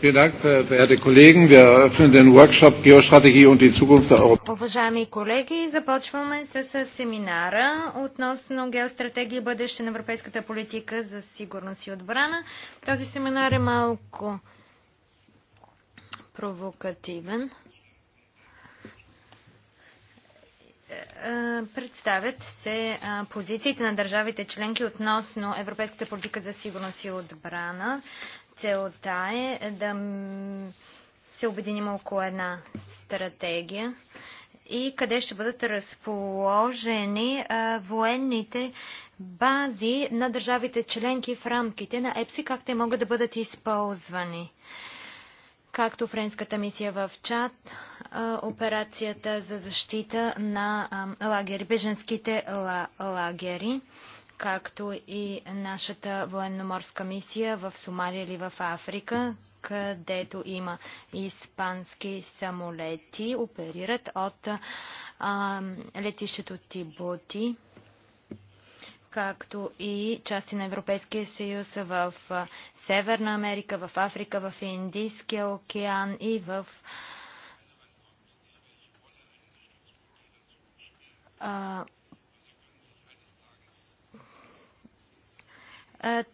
vielen Dank, verehrte Kollegen. Wir eröffnen den Workshop Geostrategie und die Zukunft der Europa. Уважаеми колеги, започваме с семинара относно геостратегия и бъдеще на европейската политика за сигурност и отбрана. Този семинар е малко провокативен. Представят се позициите на държавите членки относно европейската политика за сигурност и отбрана целта е да се обединим около една стратегия и къде ще бъдат разположени военните бази на държавите членки в рамките на ЕПСИ, как те могат да бъдат използвани. Както френската мисия в Чад, операцията за защита на лагери, беженските лагери както и нашата военноморска мисия в Сомалия или в Африка, където има испански самолети, оперират от а, летището Тибути, както и части на Европейския съюз в Северна Америка, в Африка, в Индийския океан и в а,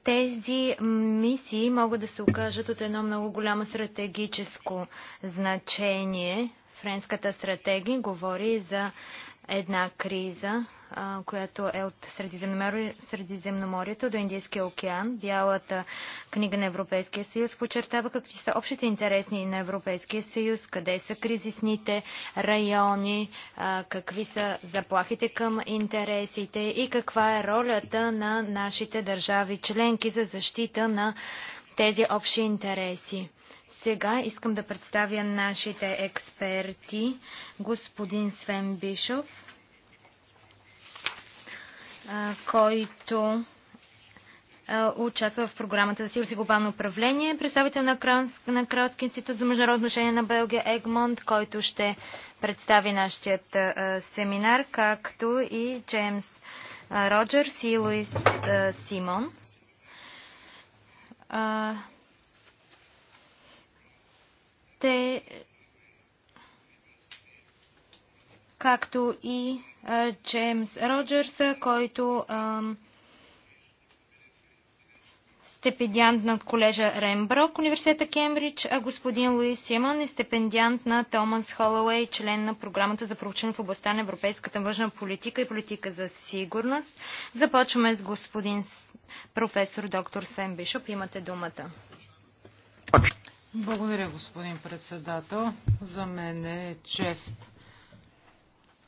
тези мисии могат да се окажат от едно много голямо стратегическо значение. Френската стратегия говори за една криза, която е от Средиземноморието, до Индийския океан. Бялата книга на Европейския съюз подчертава какви са общите интересни на Европейския съюз, къде са кризисните райони, какви са заплахите към интересите и каква е ролята на нашите държави членки за защита на тези общи интереси. Сега искам да представя нашите експерти, господин Свен Бишов, който участва в програмата за сигурност и глобално управление, представител на, Кралск, на Кралски институт за международно отношение на Белгия Егмонт, който ще представи нашият семинар, както и Джеймс Роджерс и Луис Симон te както и Джеймс Роджерс, който стипендиант на колежа Ремброк, университета Кембридж, а господин Луис Симон е стипендиант на Томас Холауей, член на програмата за проучване в областта на европейската външна политика и политика за сигурност. Започваме с господин професор доктор Свен Бишоп. Имате думата. Благодаря, господин председател. За мен е чест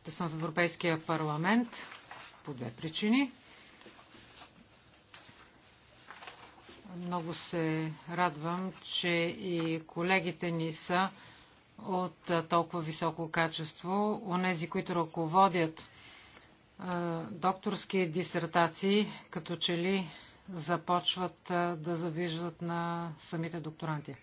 да съм в Европейския парламент по две причини. Много се радвам, че и колегите ни са от толкова високо качество. Онези, които ръководят докторски дисертации, като че ли започват да завиждат на самите докторанти.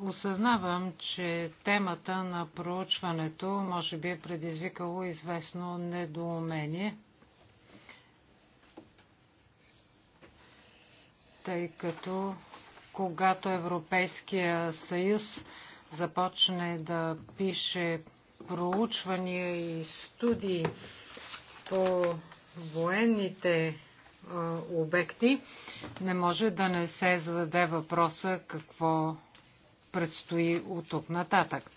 Осъзнавам, че темата на проучването може би е предизвикало известно недоумение, тъй като когато Европейския съюз започне да пише проучвания и студии по военните обекти, не може да не се зададе въпроса какво предстои от тук нататък.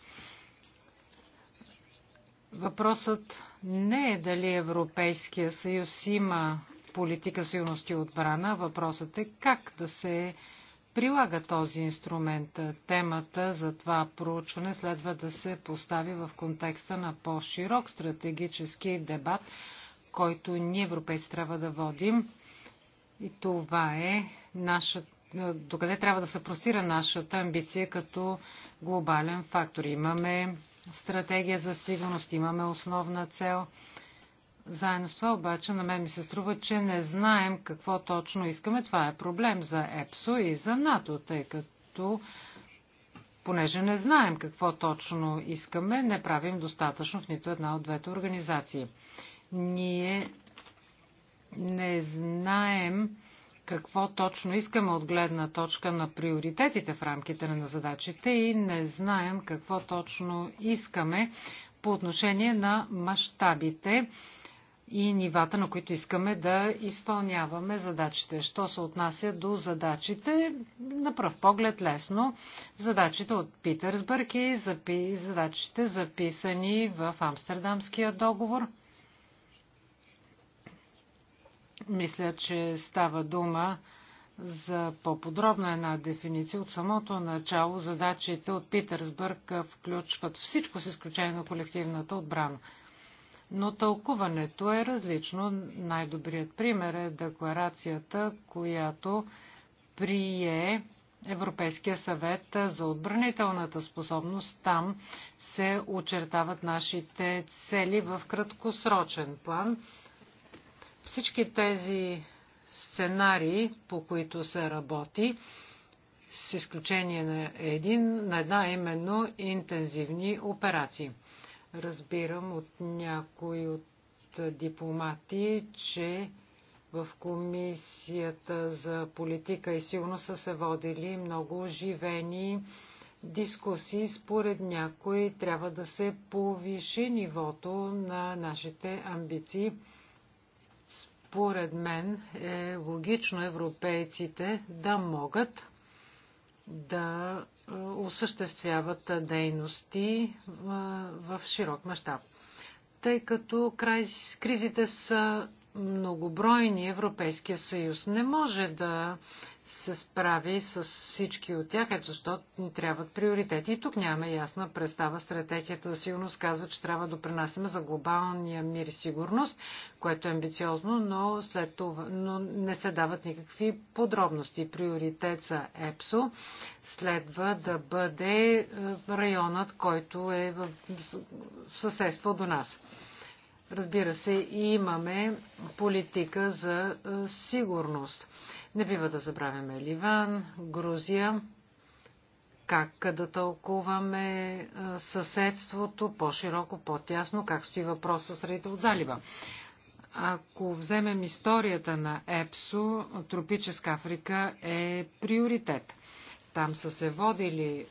Въпросът не е дали Европейския съюз има политика сигурност и отбрана. Въпросът е как да се прилага този инструмент. Темата за това проучване следва да се постави в контекста на по-широк стратегически дебат, който ние европейци трябва да водим. И това е нашата докъде трябва да се простира нашата амбиция като глобален фактор. Имаме стратегия за сигурност, имаме основна цел. Заедно с това обаче на мен ми се струва, че не знаем какво точно искаме. Това е проблем за ЕПСО и за НАТО, тъй като понеже не знаем какво точно искаме, не правим достатъчно в нито една от двете организации. Ние не знаем какво точно искаме от гледна точка на приоритетите в рамките на задачите и не знаем какво точно искаме по отношение на мащабите и нивата, на които искаме да изпълняваме задачите. Що се отнася до задачите, на пръв поглед лесно, задачите от Питерсбърг и задачите записани в Амстердамския договор – Мисля, че става дума за по-подробна една дефиниция. От самото начало задачите от Питърсбърг включват всичко с изключение на колективната отбрана. Но тълкуването е различно. Най-добрият пример е декларацията, която прие Европейския съвет за отбранителната способност. Там се очертават нашите цели в краткосрочен план Всички тези сценарии, по които се работи, с изключение на, един, на една именно интензивни операции. Разбирам от някои от дипломати, че в Комисията за политика и сигурност са се водили много оживени дискусии. Според някои трябва да се повиши нивото на нашите амбиции според мен е логично европейците да могат да осъществяват дейности в широк мащаб. Тъй като край, кризите са многобройни, Европейския съюз не може да се справи с всички от тях, ето защо ни трябват приоритети. И тук нямаме ясна представа. Стратегията за сигурност казва, че трябва да допринасяме за глобалния мир и сигурност, което е амбициозно, но, след това, но не се дават никакви подробности. Приоритет за ЕПСО следва да бъде районът, който е в съседство до нас. Разбира се, и имаме политика за сигурност Не бива да забравяме Ливан, Грузия, как да тълкуваме съседството по-широко, по-тясно, как стои въпроса с страните от залива. Ако вземем историята на ЕПСО, тропическа Африка е приоритет. Там са се водили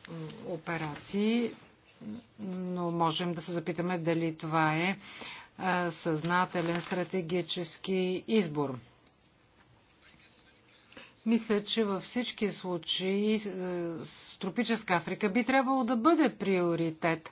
операции, но можем да се запитаме дали това е съзнателен стратегически избор. Мисля, че във всички случаи с тропическа Африка би трябвало да бъде приоритет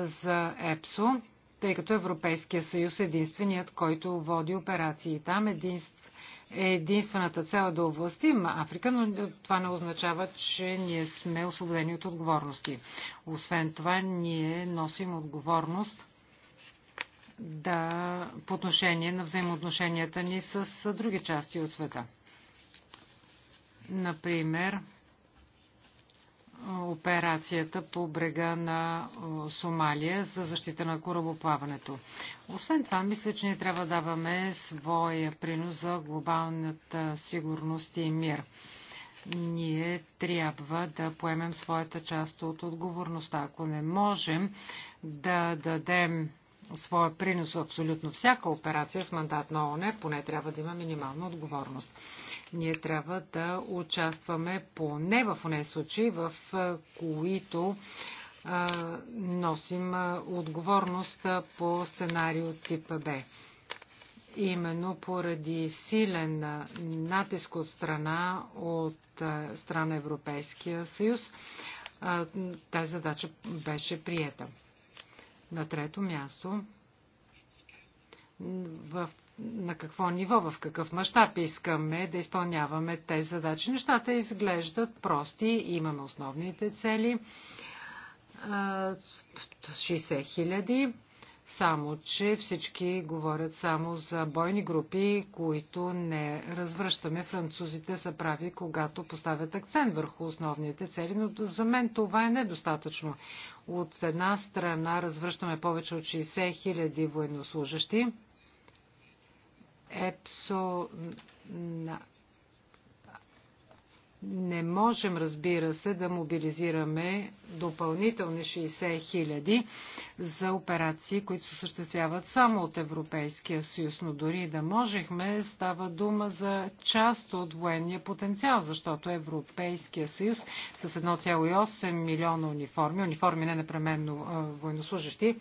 за ЕПСО, тъй като Европейския съюз е единственият, който води операции там. Единств... единствената цел е да овластим Африка, но това не означава, че ние сме освободени от отговорности. Освен това, ние носим отговорност да, по отношение на взаимоотношенията ни с други части от света. Например, операцията по брега на Сомалия за защита на корабоплаването. Освен това, мисля, че ние трябва да даваме своя принос за глобалната сигурност и мир. Ние трябва да поемем своята част от отговорността. Ако не можем да дадем своя принос в абсолютно всяка операция с мандат на ОНЕ, поне трябва да има минимална отговорност ние трябва да участваме поне в тези случаи, в които носим отговорност по сценарио тип Б. Именно поради силен натиск от страна от страна Европейския съюз тази задача беше приета. На трето място в на какво ниво, в какъв мащаб искаме да изпълняваме тези задачи. Нещата изглеждат прости, имаме основните цели. 60 хиляди, само че всички говорят само за бойни групи, които не развръщаме. Французите са прави, когато поставят акцент върху основните цели, но за мен това е недостатъчно. От една страна развръщаме повече от 60 хиляди военнослужащи, ЕПСО не можем, разбира се, да мобилизираме допълнителни 60 хиляди за операции, които се съществяват само от Европейския съюз, но дори да можехме, става дума за част от военния потенциал, защото Европейския съюз с 1,8 милиона униформи, униформи не непременно военнослужащи,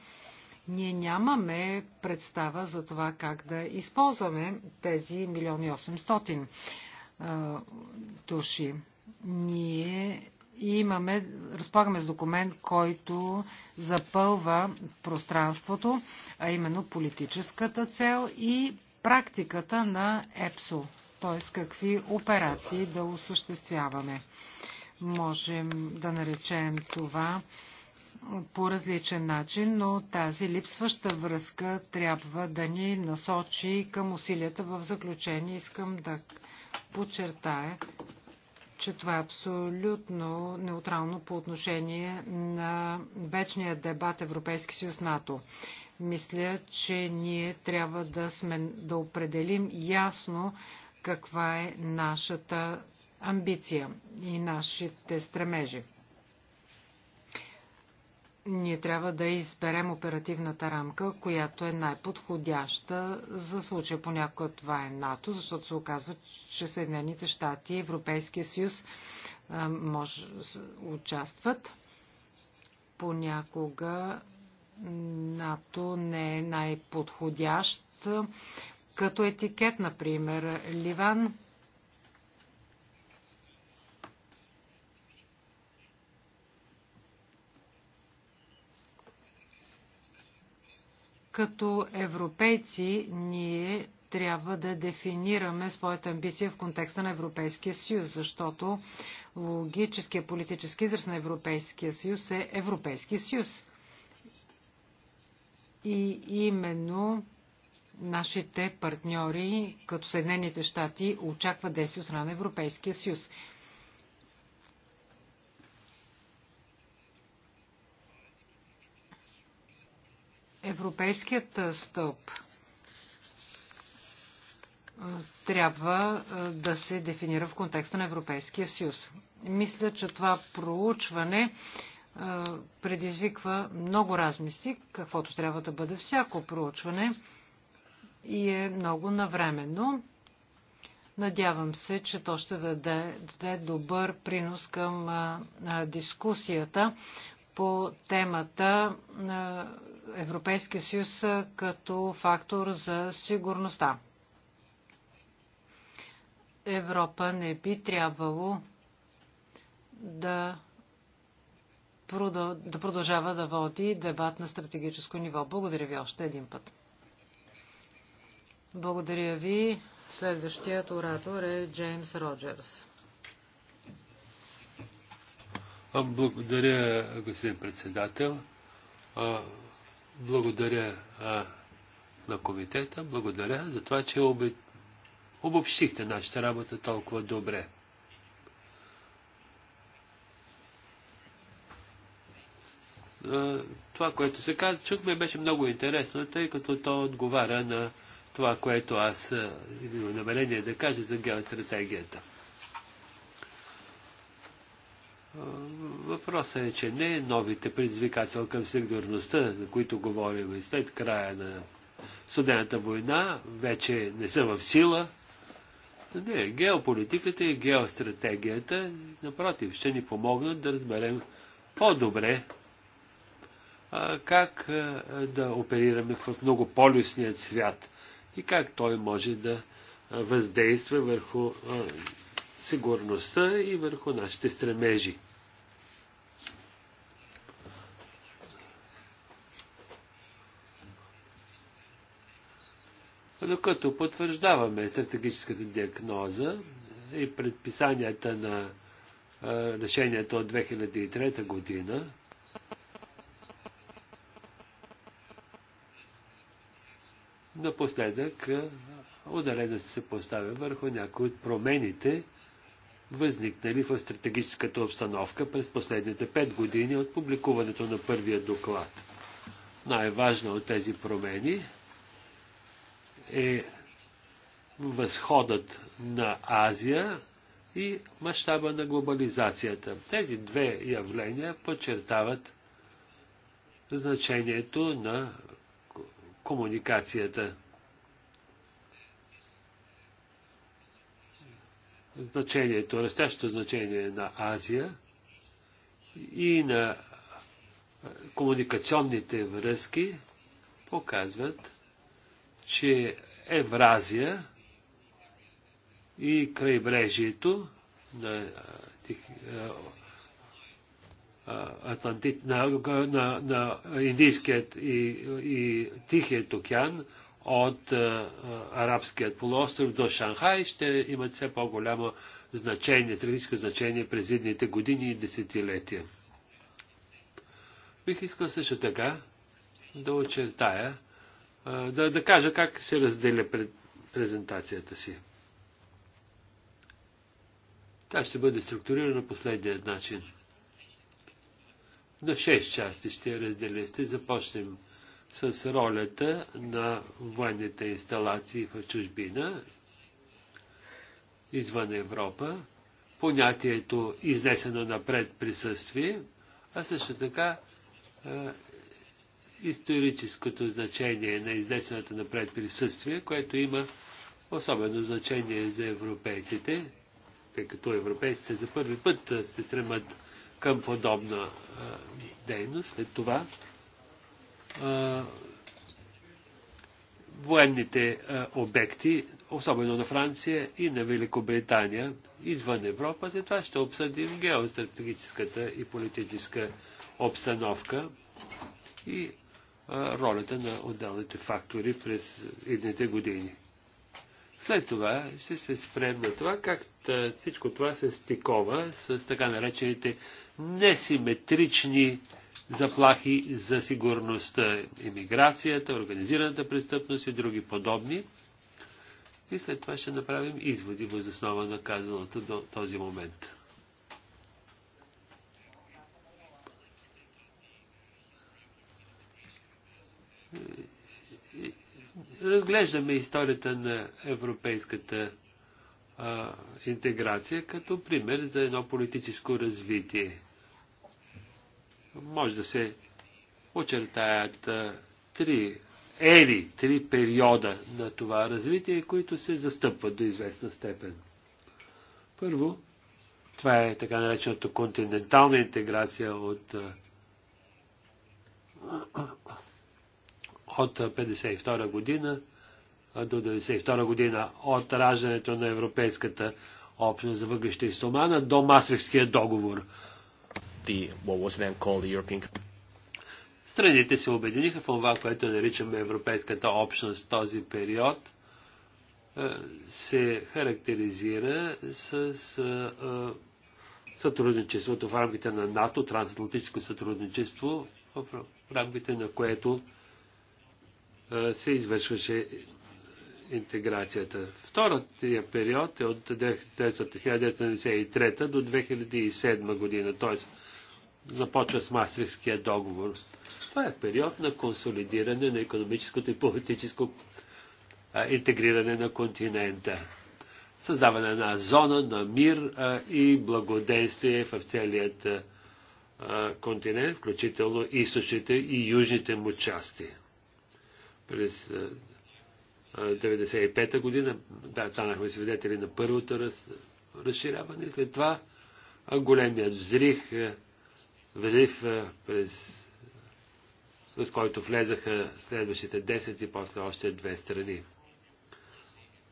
Ние нямаме представа за това как да използваме тези милиони 800 души. Ние имаме, разполагаме с документ, който запълва пространството, а именно политическата цел и практиката на ЕПСО, т.е. какви операции да осъществяваме. Можем да наречем това по различен начин, но тази липсваща връзка трябва да ни насочи към усилията в заключение. Искам да подчертая, че това е абсолютно неутрално по отношение на вечния дебат Европейски съюз НАТО. Мисля, че ние трябва да, сме, да определим ясно каква е нашата амбиция и нашите стремежи ние трябва да изберем оперативната рамка, която е най-подходяща за случая. Понякога това е НАТО, защото се оказва, че Съединените щати и Европейския съюз може, участват. Понякога НАТО не е най-подходящ, като етикет, например, Ливан – Като европейци ние трябва да дефинираме своята амбиция в контекста на Европейския съюз, защото логическия политически израз на Европейския съюз е Европейски съюз. И именно нашите партньори, като Съединените щати, очакват действия от страна на Европейския съюз. Европейският стълб трябва да се дефинира в контекста на Европейския съюз. Мисля, че това проучване предизвиква много размисли, каквото трябва да бъде всяко проучване и е много навременно. Надявам се, че то ще даде, даде добър принос към а, а, дискусията по темата а, Европейския съюз като фактор за сигурността. Европа не би трябвало да, продъл... да продължава да води дебат на стратегическо ниво. Благодаря ви още един път. Благодаря ви. Следващият оратор е Джеймс Роджерс. Благодаря, господин председател. Благодаря а, на комитета, благодаря за това, че оби... обобщихте нашата работа толкова добре. това, което се каза, чухме, беше много интересно, тъй като то отговаря на това, което аз имам намерение да кажа за геостратегията. Въпросът е, че не новите предизвикателства към сигурността, за които говорим и след края на Судената война, вече не са в сила. Не, геополитиката и геостратегията, напротив, ще ни помогнат да разберем по-добре как да оперираме в многополюсният свят и как той може да въздейства върху сигурността и върху нашите стремежи. Докато потвърждаваме стратегическата диагноза и предписанията на решението от 2003 година, напоследък ударено се поставя върху някои от промените, възникнали в стратегическата обстановка през последните пет години от публикуването на първия доклад. Най-важна от тези промени е възходът на Азия и мащаба на глобализацията. Тези две явления подчертават значението на комуникацията значението, растящото значение на Азия и на комуникационните връзки показват, че Евразия и крайбрежието на, Атлантит, на, на, на Индийският и, и Тихият океан от Арабският полуостров до Шанхай ще имат все по-голямо значение, стратегическо значение през едните години и десетилетия. Бих искал също така да очертая, да, да кажа как ще разделя пред презентацията си. Тя ще бъде структурирана последния начин. На 6 части ще я разделя. Ще започнем с ролята на военните инсталации в чужбина, извън Европа, понятието изнесено напред присъствие, а също така историческото значение на изнесеното напред присъствие, което има особено значение за европейците, тъй като европейците за първи път се стремат към подобна дейност. След това военните обекти, особено на Франция и на Великобритания, извън Европа. За това ще обсъдим геостратегическата и политическа обстановка и ролята на отделните фактори през едните години. След това ще се спрем на това как всичко това се стикова с така наречените несиметрични заплахи за сигурността, иммиграцията, организираната престъпност и други подобни. И след това ще направим изводи въз основа на казаното до този момент. Разглеждаме историята на европейската а, интеграция като пример за едно политическо развитие – може да се очертаят три ери, три периода на това развитие, които се застъпват до известна степен. Първо, това е така наречената континентална интеграция от, от 52 година до 92 година от раждането на Европейската общност за въглища и стомана до Масрихския договор the, what was then called the European Страните се обединиха в това, което наричаме Европейската общност този период, се характеризира с сътрудничеството в рамките на НАТО, трансатлантическо сътрудничество, в рамките на което се извършваше интеграцията. Втората период е от 1993 до 2007 година, т.е започва с Мастрихския договор. Това е период на консолидиране на економическото и политическо а, интегриране на континента. Създаване на зона на мир а, и благодействие в целият а, континент, включително източните и южните му части. През 1995 година да, станахме свидетели на първото раз, разширяване, след това големият взрих Велив, през, с който влезаха следващите 10 и после още две страни.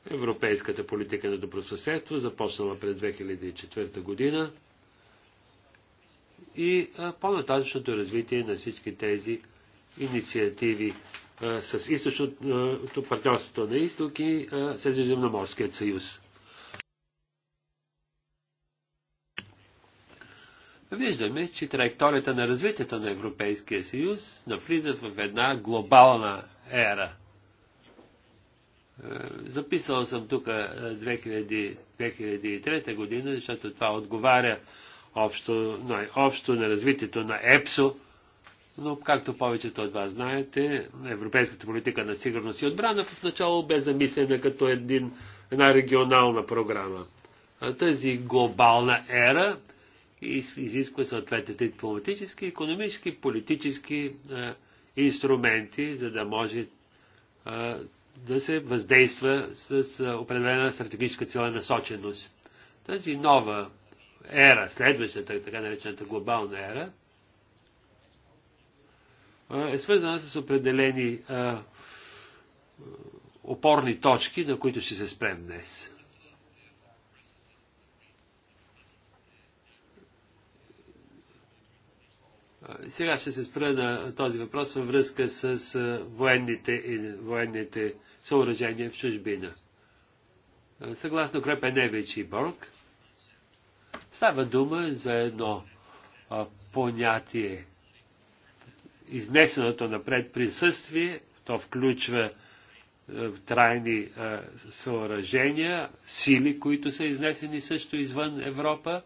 Европейската политика на добросъседство започнала през 2004 година и по-нататъчното развитие на всички тези инициативи с източното партньорството на изток и Средиземноморският съюз. виждаме, че траекторията на развитието на Европейския съюз навлиза в една глобална ера. Записал съм тук 2003 година, защото това отговаря общо, най-общо на развитието на ЕПСО, но както повечето от вас знаете, европейската политика на сигурност и отбрана в начало бе замислена като един, една регионална програма. А тази глобална ера изисква съответните дипломатически, економически, политически а, инструменти, за да може а, да се въздейства с а, определена стратегическа цела насоченост. Тази нова ера, следващата, така наречената глобална ера, а, е свързана с определени а, опорни точки, на които ще се спрем днес. Сега ще се спра на този въпрос във връзка с военните, и военните съоръжения в чужбина. Съгласно Крепе Крепеневич и Борг, става дума за едно понятие. Изнесеното напред присъствие, то включва трайни съоръжения, сили, които са изнесени също извън Европа,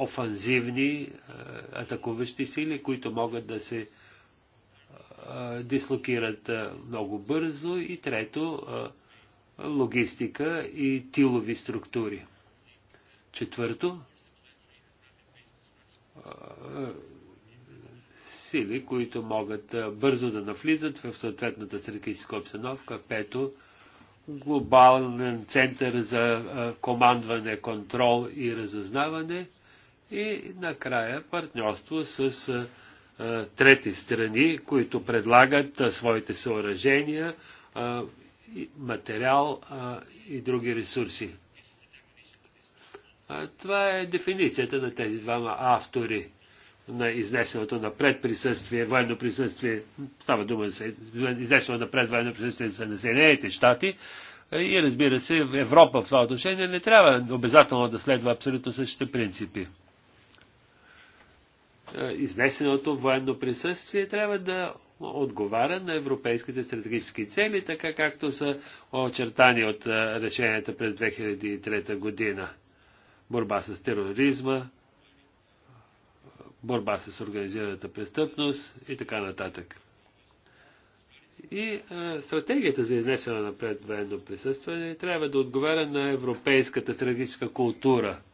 офанзивни атакуващи сили, които могат да се дислокират много бързо и трето логистика и тилови структури. Четвърто сили, които могат бързо да навлизат в съответната стратегическа обстановка. Пето глобален център за командване, контрол и разузнаване – И накрая партньорство с а, а, трети страни, които предлагат а, своите съоръжения, а, и материал а, и други ресурси. А, Това е дефиницията на тези двама автори на изнесеното на предприсъствие, военно присъствие, става дума за изнесено на предвоенно присъствие за Съединените щати и разбира се, Европа в това отношение не трябва обязателно да следва абсолютно същите принципи изнесеното военно присъствие трябва да отговаря на европейските стратегически цели, така както са очертани от решенията през 2003 година. Борба с тероризма, борба с организираната престъпност и така нататък. И а, стратегията за изнесено напред военно присъстване трябва да отговаря на европейската стратегическа култура –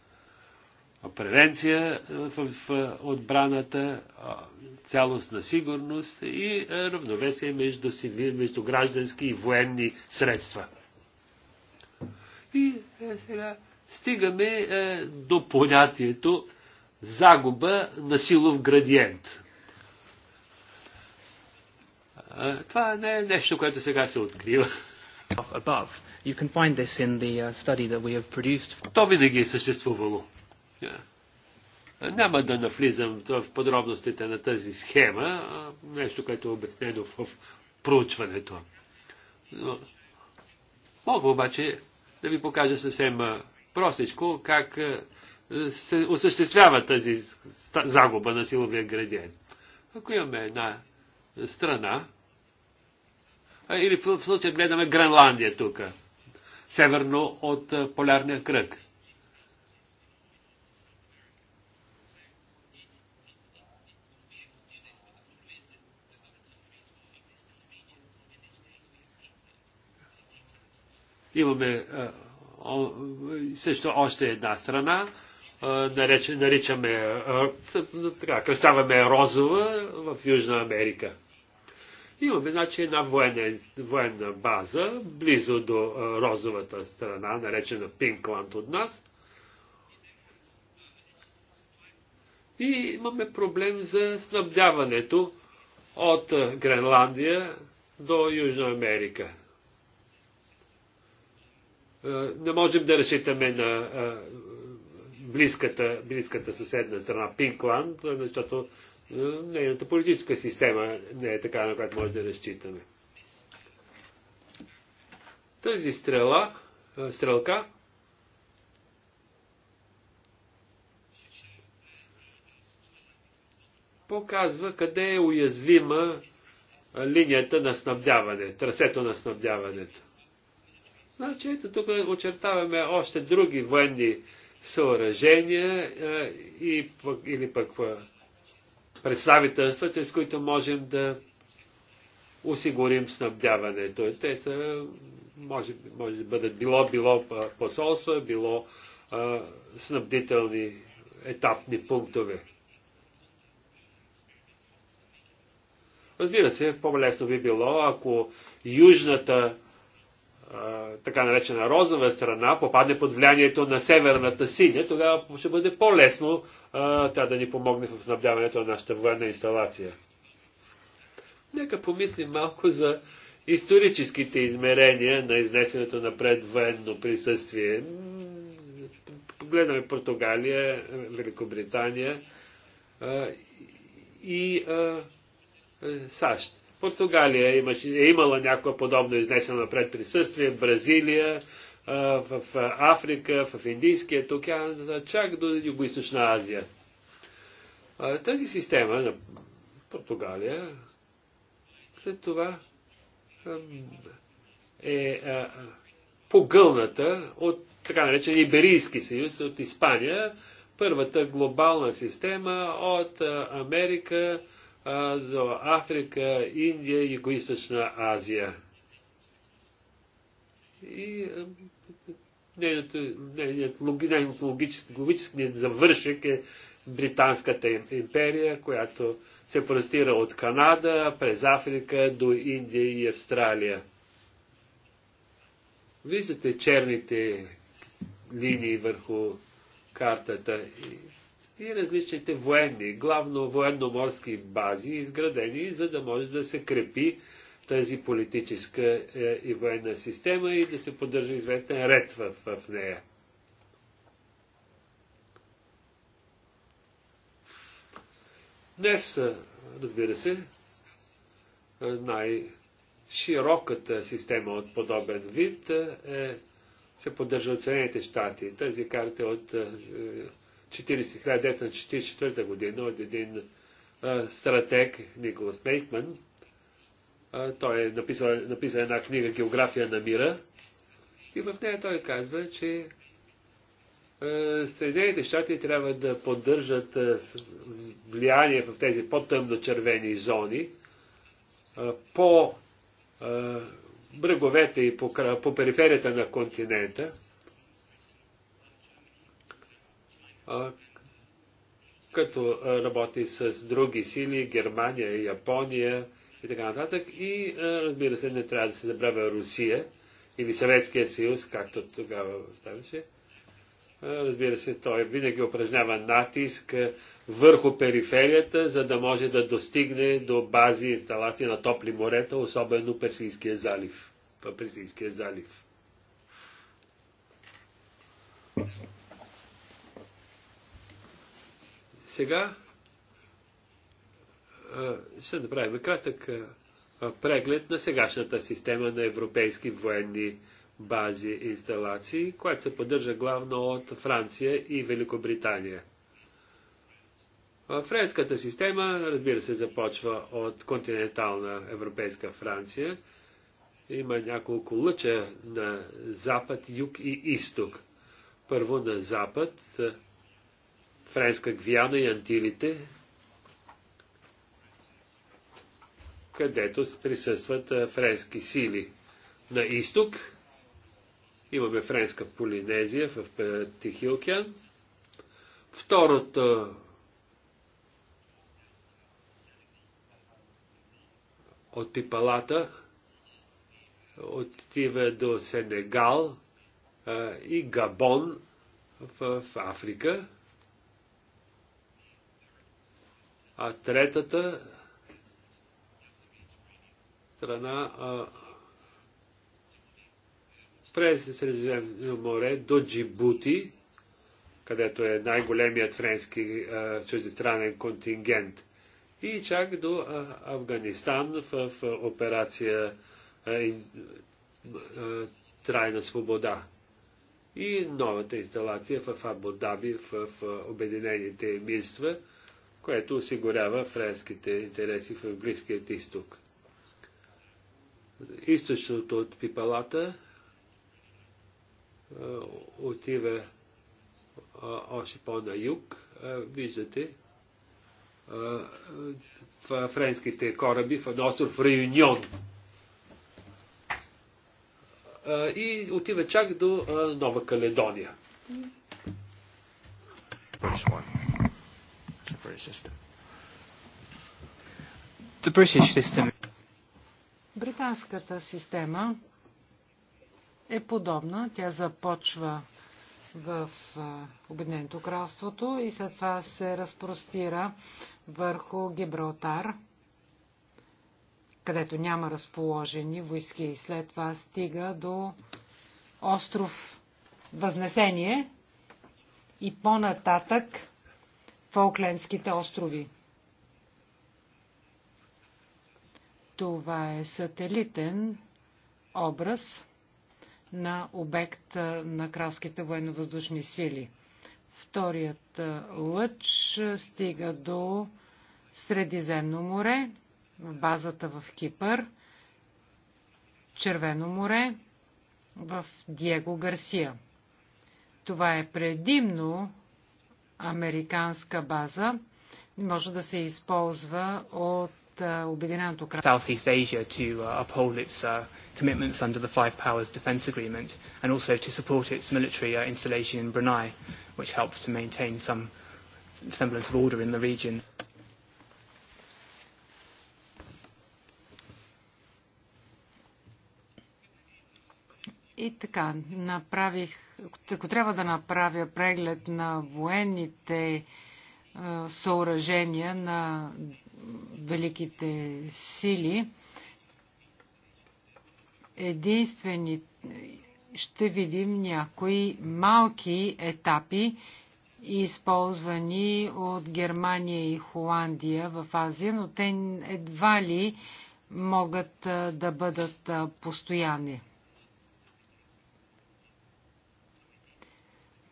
превенция в отбраната, цялостна сигурност и равновесие между, между граждански и военни средства. И е, сега стигаме е, до понятието загуба на силов градиент. това не е нещо, което сега се открива. Above. You can find this in the study that we have produced. То винаги е съществувало. Няма да навлизам в подробностите на тази схема, нещо, което е обяснено в проучването. Но, мога обаче да ви покажа съвсем простичко как се осъществява тази загуба на силовия градиент. Ако имаме една страна, или в случая гледаме Гренландия тук, северно от полярния кръг. Имаме също още една страна, нареч, наричаме, така, кръщаваме Розова в Южна Америка. Имаме, значи, една военна, военна база, близо до Розовата страна, наречена Пинкланд от нас. И имаме проблем за снабдяването от Гренландия до Южна Америка не можем да разчитаме на близката, близката съседна страна Пинкланд, защото нейната политическа система не е така, на която може да разчитаме. Тази стрела, стрелка показва къде е уязвима линията на снабдяване, трасето на снабдяването. Значи, ето тук очертаваме още други военни съоръжения е, и, или пък представителства, чрез които можем да осигурим снабдяването. Те са, може, може да бъдат било, било посолства, било е, снабдителни етапни пунктове. Разбира се, по-лесно би било, ако южната така наречена розова страна попадне под влиянието на северната синя, тогава ще бъде по-лесно тя да ни помогне в снабдяването на нашата военна инсталация. Нека помислим малко за историческите измерения на изнесенето на предвоенно присъствие. Гледаме Португалия, Великобритания а, и а, САЩ. Португалия имаше, е имала някаква подобно изнесено пред присъствие, Бразилия, в Африка, в Индийския океан, чак до Юго-Источна Азия. Тази система на Португалия след това е погълната от така наречен Иберийски съюз, от Испания, първата глобална система от Америка, до Африка, Индия и Юго-Источна Азия. И нейният логически, логически завършек е Британската империя, която се простира от Канада през Африка до Индия и Австралия. Виждате черните линии върху картата и различните военни, главно военноморски бази, изградени, за да може да се крепи тази политическа и военна система и да се поддържа известен ред в, в нея. Днес, разбира се, най-широката система от подобен вид е, се поддържа от Съединените щати. Тази карта е от 1944 година от един стратег Николас Бейкман. Той е написал, написал една книга География на мира и в нея той казва, че Съединените щати трябва да поддържат влияние в тези по-тъмно червени зони по бреговете и по, по периферията на континента, като работи с други сили, Германия, Япония и така нататък. И разбира се, не трябва да се забравя Русия или Съветския съюз, както тогава ставаше. Разбира се, той винаги упражнява натиск върху периферията, за да може да достигне до бази инсталации на топли морета, особено Персийския залив. Персийския залив. Сега ще направим кратък преглед на сегашната система на европейски военни бази и инсталации, която се поддържа главно от Франция и Великобритания. Френската система, разбира се, започва от континентална европейска Франция. Има няколко лъча на запад, юг и изток. Първо на запад Френска Гвиана и Антилите, където присъстват френски сили. На изток имаме френска Полинезия в Тихи океан. Второто от Пипалата отива до Сенегал и Габон в Африка. А третата страна а, през Средиземно море до Джибути, където е най-големият френски чуждестранен контингент, и чак до а, Афганистан в, в операция а, и, а, Трайна свобода и новата инсталация в Абу Даби в, в Обединените емирства – което осигурява френските интереси в Близкият изток. Източното от пипалата отива още по-на юг. Виждате в френските кораби в остров Реюнион. И отива чак до Нова Каледония. First one library system? The British system. Британската система е подобна. Тя започва в Обединеното кралството и след това се разпростира върху Гибралтар, където няма разположени войски и след това стига до остров Възнесение и по-нататък Фолклендските острови. Това е сателитен образ на обект на кралските военно-въздушни сили. Вторият лъч стига до Средиземно море, в базата в Кипър, Червено море, в Диего Гарсия. Това е предимно американска база може да се използва от Обединеното Southeast Asia to uh, uphold its uh, commitments under the Five Powers Defence Agreement and also to support its military uh, installation in Brunei, which helps to maintain some semblance of order in the region. И така, направих, ако трябва да направя преглед на военните съоръжения на великите сили, единствени ще видим някои малки етапи, използвани от Германия и Холандия в Азия, но те едва ли могат да бъдат постоянни.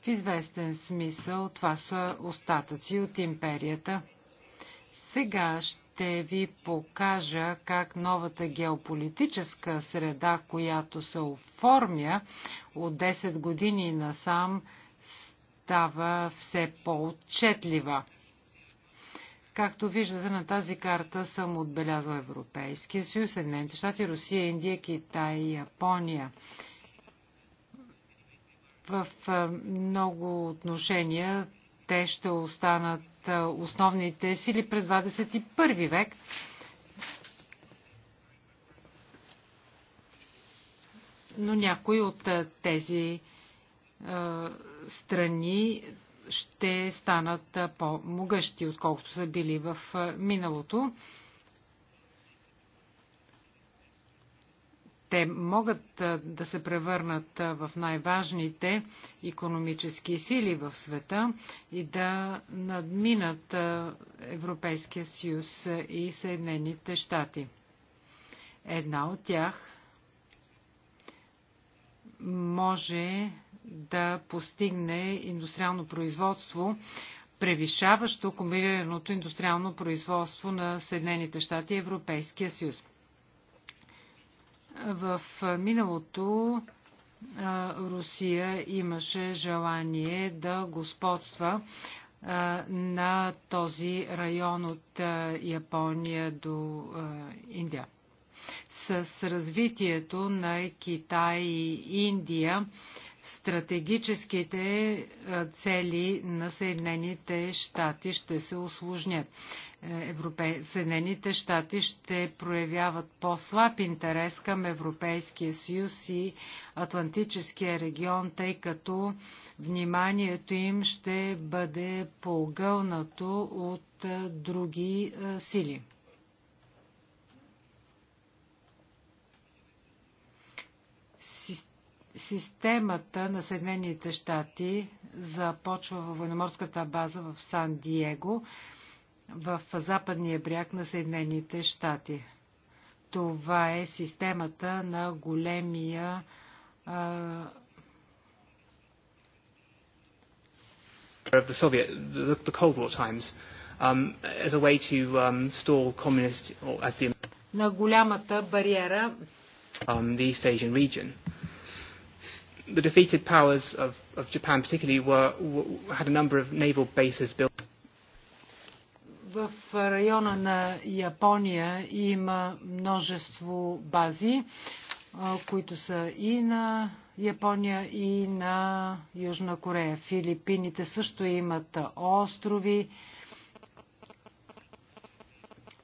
В известен смисъл това са остатъци от империята. Сега ще ви покажа как новата геополитическа среда, която се оформя от 10 години насам, става все по-отчетлива. Както виждате на тази карта съм отбелязал Европейския съюз, Съединените щати, Русия, Индия, Китай и Япония. В много отношения те ще останат основните сили през 21 век. Но някои от тези страни ще станат по-могъщи, отколкото са били в миналото. те могат да се превърнат в най-важните економически сили в света и да надминат Европейския съюз и Съединените щати. Една от тях може да постигне индустриално производство, превишаващо комбинираното индустриално производство на Съединените щати и Европейския съюз. В миналото Русия имаше желание да господства на този район от Япония до Индия. С развитието на Китай и Индия стратегическите цели на Съединените щати ще се осложнят. Европе... Съединените щати ще проявяват по-слаб интерес към Европейския съюз и Атлантическия регион, тъй като вниманието им ще бъде погълнато от други сили. Системата на Съединените щати започва във военноморската база в Сан Диего, в западния бряг на Съединените щати. Това е системата на големия of the Soviet, the, the Cold War times, um, as a way to um, stall communist, or as the... На голямата бариера. Um, the East Asian region the defeated powers of, of Japan particularly were, were, had a number of naval bases built. В района на Япония има множество бази, които са и на Япония, и на Южна Корея. Филипините също имат острови.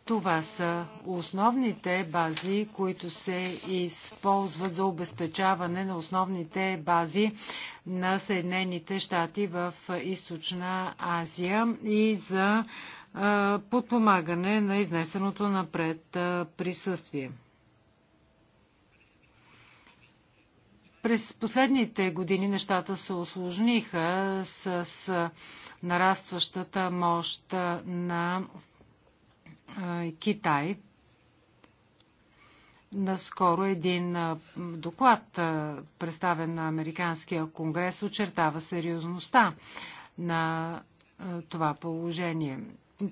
Това са основните бази, които се използват за обезпечаване на основните бази на Съединените щати в Източна Азия и за подпомагане на изнесеното напред присъствие. През последните години нещата се осложниха с нарастващата мощ на Китай. Наскоро един доклад, представен на Американския конгрес, очертава сериозността на това положение.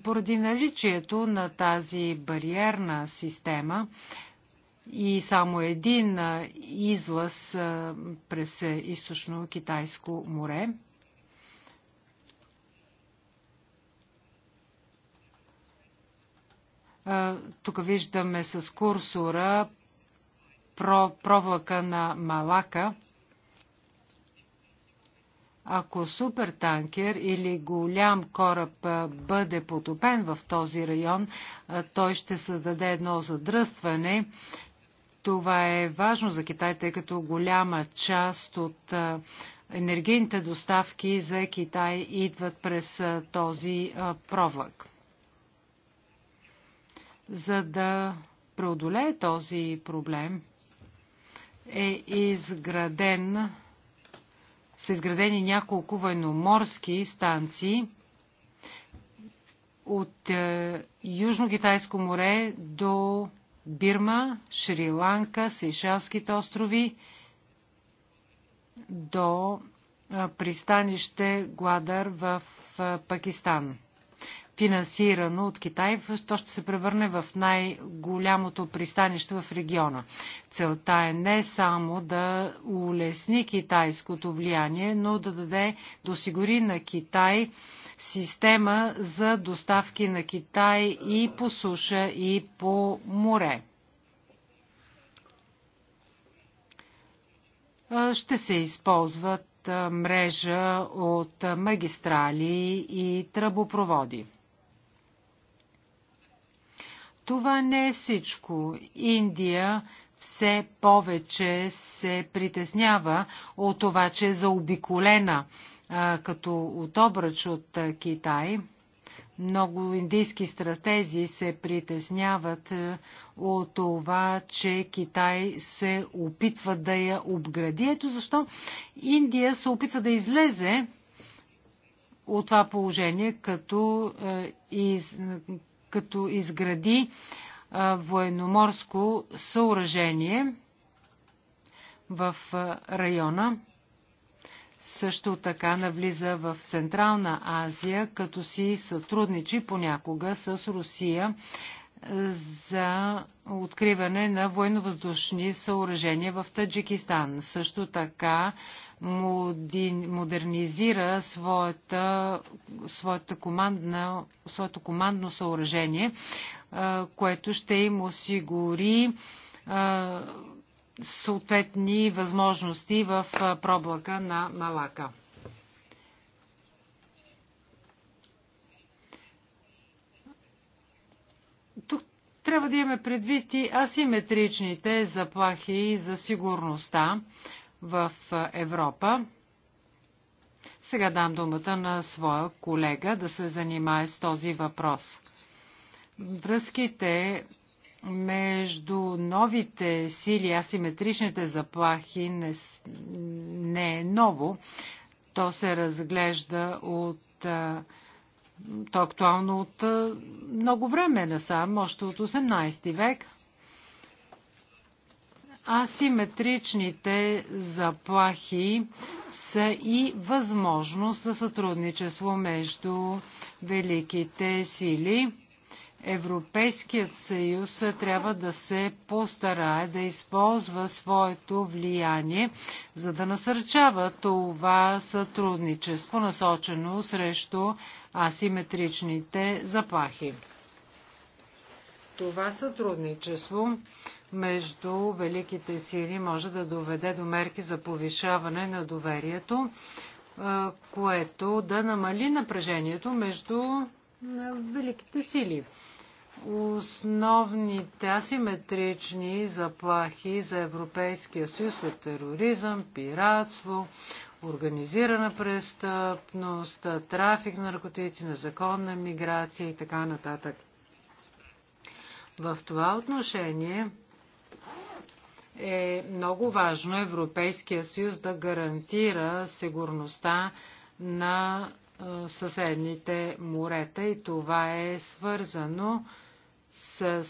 Поради наличието на тази бариерна система и само един излъз през източно китайско море, Тук виждаме с курсора провлака на Малака. Ако супертанкер или голям кораб бъде потопен в този район, той ще създаде едно задръстване. Това е важно за Китай, тъй като голяма част от енергийните доставки за Китай идват през този провлак за да преодолее този проблем, е изграден, са изградени няколко военноморски станции от Южно-Китайско море до Бирма, Шри-Ланка, Сейшелските острови до пристанище Гладър в Пакистан финансирано от Китай, то ще се превърне в най-голямото пристанище в региона. Целта е не само да улесни китайското влияние, но да даде, да осигури на Китай система за доставки на Китай и по суша, и по море. Ще се използват мрежа от магистрали и тръбопроводи. Това не е всичко. Индия все повече се притеснява от това, че е заобиколена а, като от обръч от а, Китай. Много индийски стратези се притесняват а, от това, че Китай се опитва да я обгради. Ето защо Индия се опитва да излезе от това положение, като, из, като изгради военноморско съоръжение в района. Също така навлиза в Централна Азия, като си сътрудничи понякога с Русия за откриване на военновъздушни съоръжения в Таджикистан. Също така модернизира своята, своята командна, своето командно съоръжение, което ще им осигури съответни възможности в проблака на Малака. Трябва да имаме предвид и асиметричните заплахи за сигурността в Европа. Сега дам думата на своя колега да се занимае с този въпрос. Връзките между новите сили, асиметричните заплахи не, не е ново. То се разглежда от а, То е актуално от много време насам, още от 18 век. Асиметричните заплахи са и възможност за сътрудничество между великите сили Европейският съюз трябва да се постарае да използва своето влияние, за да насърчава това сътрудничество, насочено срещу асиметричните заплахи. Това сътрудничество между великите сили може да доведе до мерки за повишаване на доверието, което да намали напрежението между великите сили. Основните асиметрични заплахи за Европейския съюз са тероризъм, пиратство, организирана престъпност, трафик на наркотици, незаконна миграция и така нататък. В това отношение е много важно Европейския съюз да гарантира сигурността на съседните морета и това е свързано с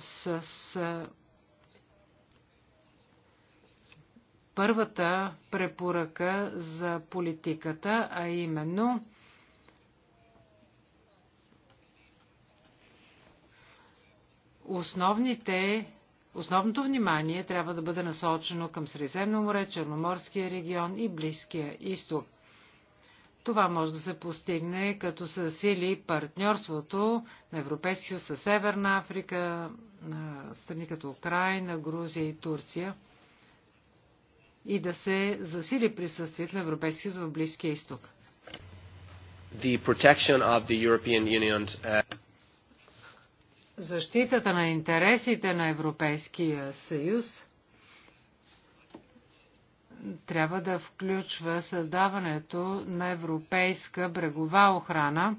с с първата препоръка за политиката, а именно основните Основното внимание трябва да бъде насочено към Средиземно море, Черноморския регион и Близкия изток. Това може да се постигне, като се сили партньорството на Европейския съюз Северна Африка, на страни като Украина, Грузия и Турция и да се засили присъствието на Европейския съюз в Близкия изток. The protection of the European Union uh, защитата на интересите на Европейския съюз трябва да включва създаването на европейска брегова охрана,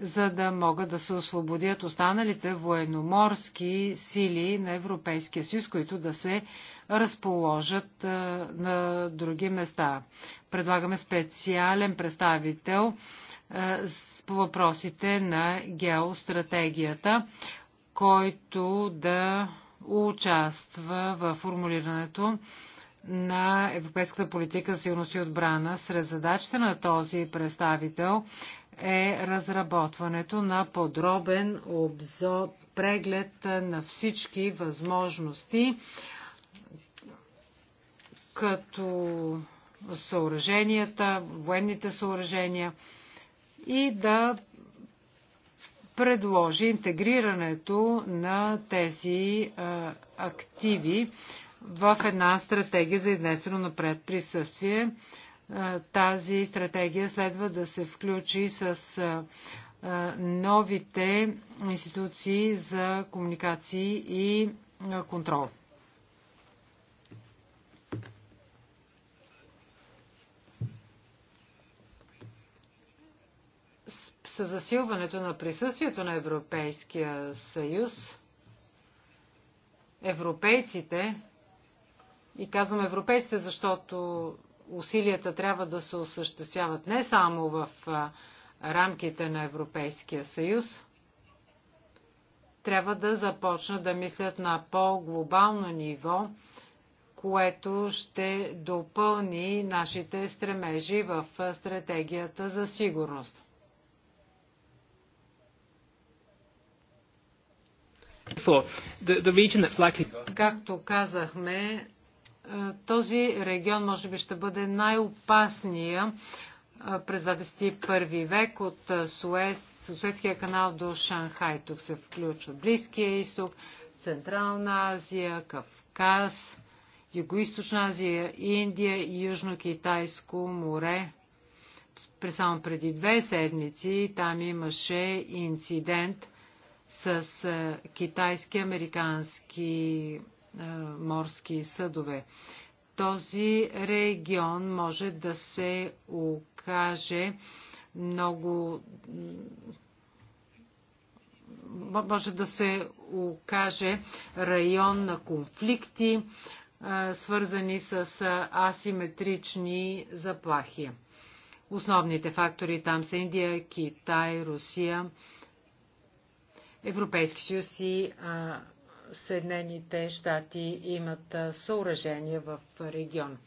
за да могат да се освободят останалите военноморски сили на Европейския съюз, които да се разположат на други места. Предлагаме специален представител по въпросите на геостратегията, който да участва в формулирането на европейската политика за сигурност и отбрана. Сред задачите на този представител е разработването на подробен обзор, преглед на всички възможности, като съоръженията, военните съоръжения, и да предложи интегрирането на тези активи в една стратегия за изнесено напред присъствие. тази стратегия следва да се включи с новите институции за комуникации и контрол. с засилването на присъствието на Европейския съюз, европейците, и казвам европейците, защото усилията трябва да се осъществяват не само в рамките на Европейския съюз, трябва да започнат да мислят на по-глобално ниво, което ще допълни нашите стремежи в стратегията за сигурност. Както казахме, този регион може би ще бъде най-опасния през 21 век от Суез, Суезския канал до Шанхай. Тук се включва Близкия изток, Централна Азия, Кавказ, Юго-Источна Азия, Индия и Южно-Китайско море. Само преди две седмици там имаше инцидент – с китайски, американски морски съдове. Този регион може да се окаже много може да се окаже район на конфликти, свързани с асиметрични заплахи. Основните фактори там са Индия, Китай, Русия, Европейски съюз и а, Съединените щати имат съоръжения в регион.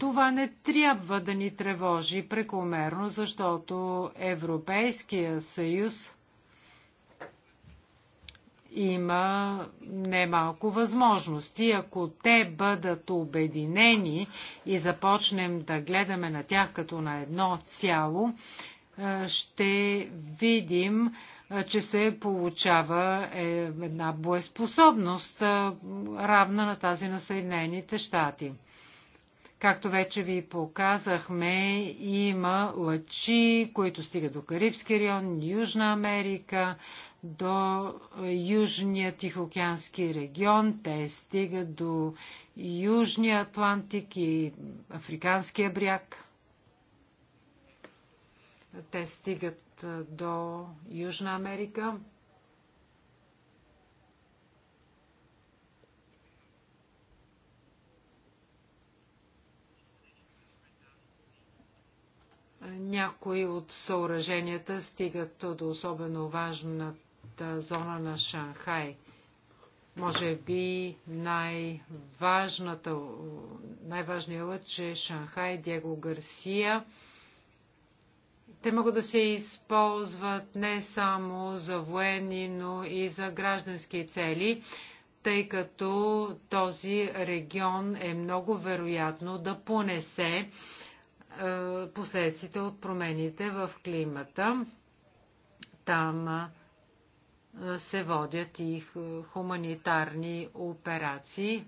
Това не трябва да ни тревожи прекомерно, защото Европейския съюз има немалко възможности. Ако те бъдат обединени и започнем да гледаме на тях като на едно цяло, ще видим че се получава една боеспособност, равна на тази на Съединените щати. Както вече ви показахме, има лъчи, които стигат до Карибски район, Южна Америка, до Южния Тихоокеански регион. Те стигат до Южния Атлантик и Африканския бряг. Те стигат do Южна Америка. Някои от съоръженията стигат до особено важната зона на Шанхай. Може би най-важната, най-важният лъч е Шанхай, Диего Гарсия – Те могат да се използват не само за военни, но и за граждански цели, тъй като този регион е много вероятно да понесе последиците от промените в климата. Там се водят и хуманитарни операции.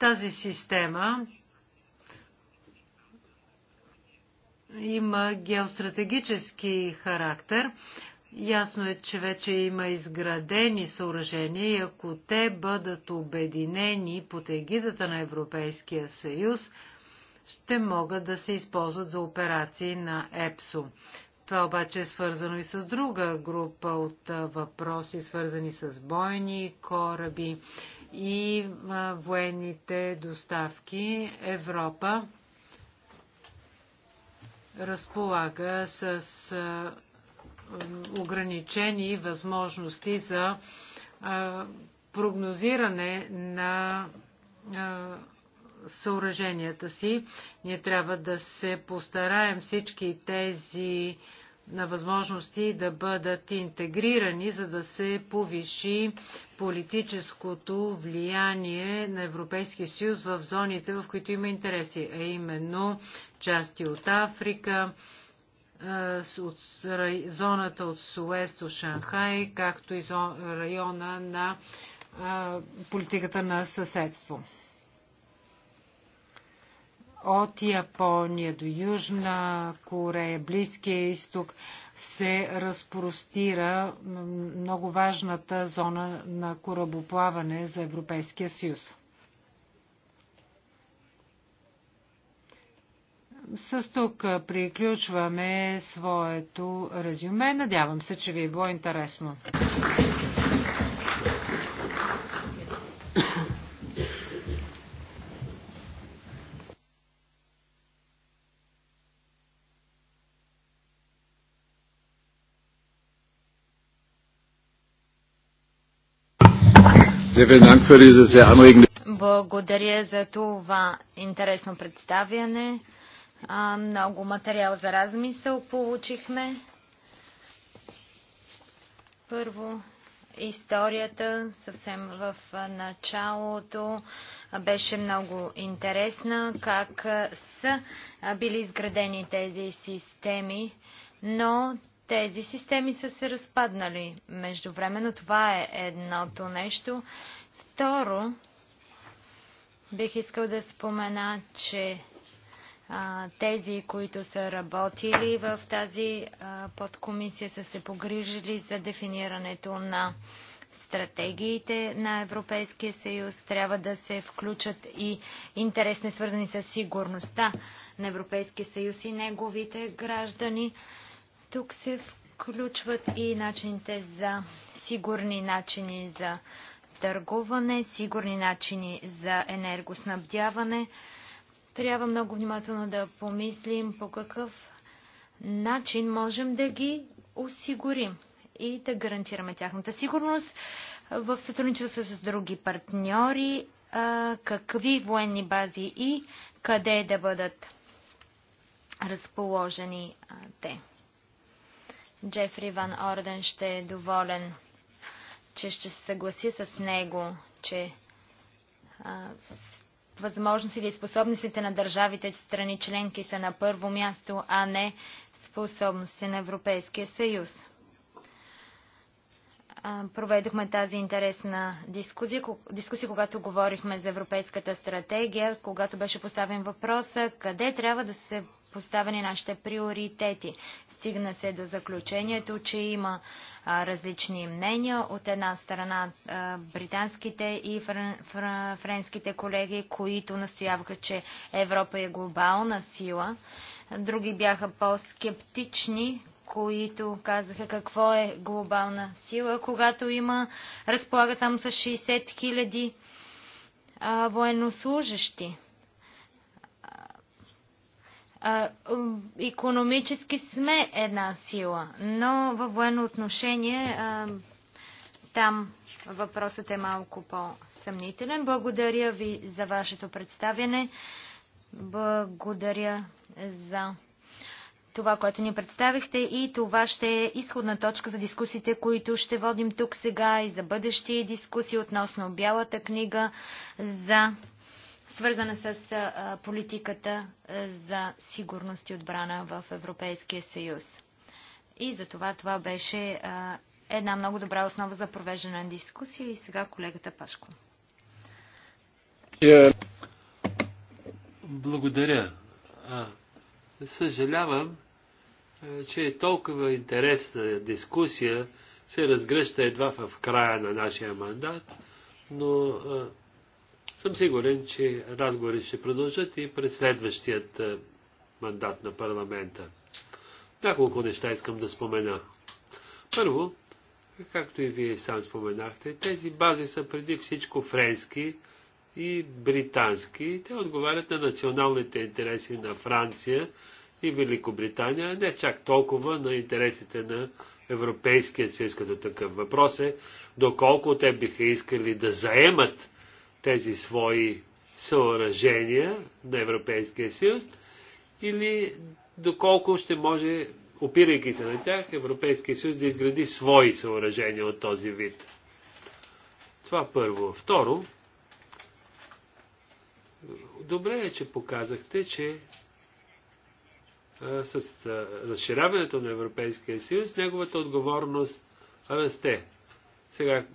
Тази система има геостратегически характер. Ясно е, че вече има изградени съоръжения и ако те бъдат обединени под егидата на Европейския съюз, ще могат да се използват за операции на ЕПСО. Това обаче е свързано и с друга група от въпроси, свързани с бойни кораби и военните доставки. Европа разполага с ограничени възможности за прогнозиране на съоръженията си. Ние трябва да се постараем всички тези на възможности да бъдат интегрирани, за да се повиши политическото влияние на Европейския съюз в зоните, в които има интереси, а именно части от Африка, от зоната от Суесто Шанхай, както и района на политиката на съседство от Япония до Южна Корея, Близкия изток се разпростира много важната зона на корабоплаване за Европейския съюз. С тук приключваме своето резюме. Надявам се, че ви е било интересно. Благодаря за това интересно представяне. Много материал за размисъл получихме. Първо, историята съвсем в началото беше много интересна, как са били изградени тези системи, но тези системи са се разпаднали. Между време, но това е едното нещо. Второ, бих искал да спомена, че а, тези, които са работили в тази а, подкомисия, са се погрижили за дефинирането на стратегиите на Европейския съюз трябва да се включат и интересни свързани с сигурността на Европейския съюз и неговите граждани. Тук се включват и начините за сигурни начини за търговане, сигурни начини за енергоснабдяване. Трябва много внимателно да помислим по какъв начин можем да ги осигурим и да гарантираме тяхната сигурност в сътрудничество с други партньори, какви военни бази и къде да бъдат разположени те. Джефри Ван Орден ще е доволен, че ще се съгласи с него, че а, възможностите и способностите на държавите страни членки са на първо място, а не способностите на Европейския съюз проведохме тази интересна дискусия, дискусия, когато говорихме за Европейската стратегия, когато беше поставен въпроса къде трябва да се поставени нашите приоритети. Стигна се до заключението, че има а, различни мнения. От една страна а, британските и френ, френ, френските колеги, които настояваха, че Европа е глобална сила. Други бяха по-скептични, които казаха какво е глобална сила, когато има, разполага само с 60 хиляди военнослужащи. А, економически сме една сила, но във военно отношение а, там въпросът е малко по-съмнителен. Благодаря ви за вашето представяне. Благодаря за това, което ни представихте и това ще е изходна точка за дискусиите, които ще водим тук сега и за бъдещи дискусии относно Бялата книга за свързана с политиката за сигурност и отбрана в Европейския съюз. И за това това беше една много добра основа за провеждане на дискусия и сега колегата Пашко. Благодаря Съжалявам, че е толкова интересна дискусия се разгръща едва в края на нашия мандат, но съм сигурен, че разговори ще продължат и през следващият мандат на парламента. Няколко неща искам да спомена. Първо, както и вие сам споменахте, тези бази са преди всичко френски, и британски. Те отговарят на националните интереси на Франция и Великобритания, а не чак толкова на интересите на Европейския съюз като такъв. Въпрос е доколко те биха искали да заемат тези свои съоръжения на Европейския съюз или доколко ще може, опирайки се на тях, Европейския съюз да изгради свои съоръжения от този вид. Това първо. Второ, Добре е, че показахте, че а, с а, разширяването на Европейския съюз неговата отговорност расте. Сега,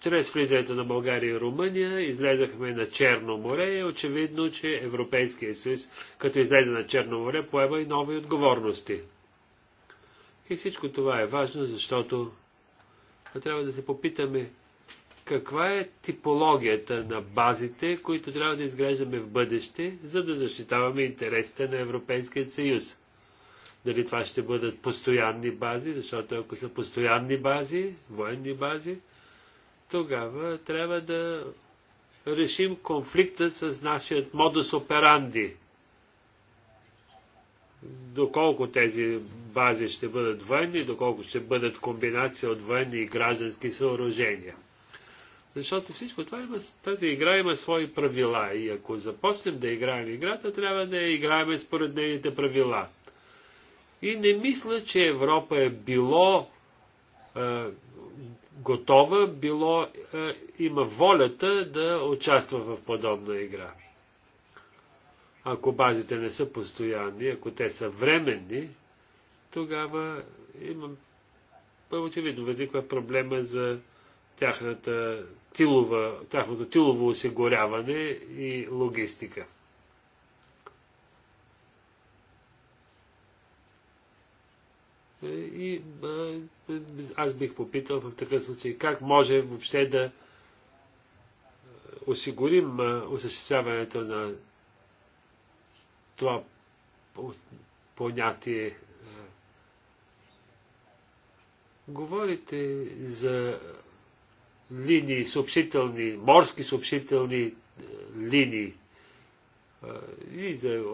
чрез влизането на България и Румъния, излезахме на Черно море и очевидно, че Европейския съюз, като излезе на Черно море, поема и нови отговорности. И всичко това е важно, защото трябва да се попитаме каква е типологията на базите, които трябва да изграждаме в бъдеще, за да защитаваме интересите на Европейския съюз. Дали това ще бъдат постоянни бази, защото ако са постоянни бази, военни бази, тогава трябва да решим конфликта с нашият модус операнди. Доколко тези бази ще бъдат военни, доколко ще бъдат комбинация от военни и граждански съоръжения. Защото всичко това има, тази игра има свои правила и ако започнем да играем играта, трябва да я играем според нейните правила. И не мисля, че Европа е било е, готова, било е, има волята да участва в подобна игра. Ако базите не са постоянни, ако те са временни, тогава имам очевидно възниква проблема за тяхната тилова, тяхното тилово осигуряване и логистика. И аз бих попитал в такъв случай как може въобще да осигурим осъществяването на това понятие. Говорите за линии, съобщителни, морски съобщителни линии и за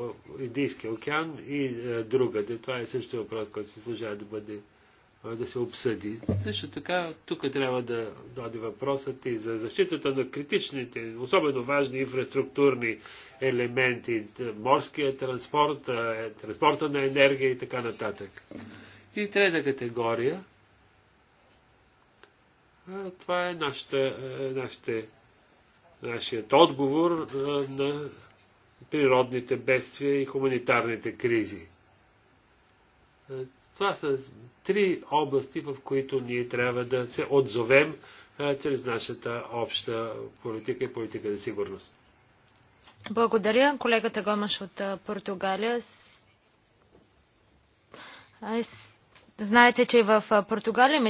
Индийския океан и другаде. Това е също въпрос, който се служава да бъде да се обсъди. Също така, тук трябва да даде въпросът и за защитата на критичните, особено важни инфраструктурни елементи, морския транспорт, транспорта на енергия и така нататък. И трета категория – Това е нашата, нашата, нашият отговор на природните бедствия и хуманитарните кризи. Това са три области, в които ние трябва да се отзовем чрез нашата обща политика и политика за сигурност. Благодаря. Колегата Гомаш от Португалия Знаете, че в Португалия има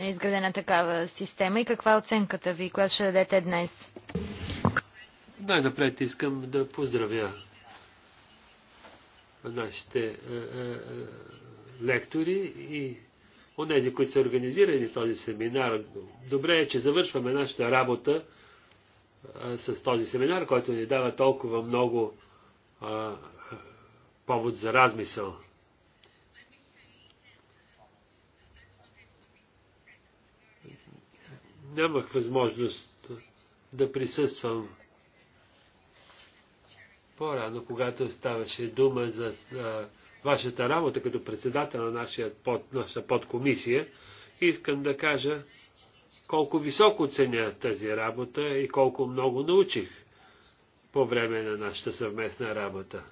изградена такава система и каква е оценката ви, която ще дадете днес? Най-напред искам да поздравя нашите лектори и онези, които са организирали този семинар. Добре е, че завършваме нашата работа с този семинар, който ни дава толкова много повод за размисъл. нямах възможност да присъствам по-рано, когато ставаше дума за а, вашата работа като председател на нашия под, наша подкомисия. Искам да кажа колко високо ценя тази работа и колко много научих по време на нашата съвместна работа.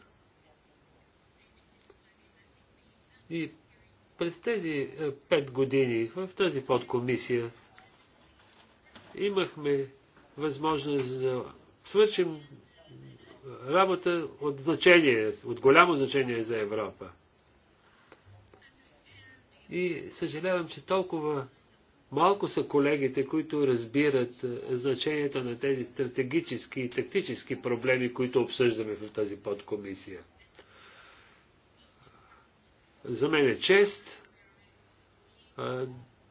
И през тези пет години в тази подкомисия имахме възможност да свършим работа от значение, от голямо значение за Европа. И съжалявам, че толкова малко са колегите, които разбират значението на тези стратегически и тактически проблеми, които обсъждаме в тази подкомисия. За мен е чест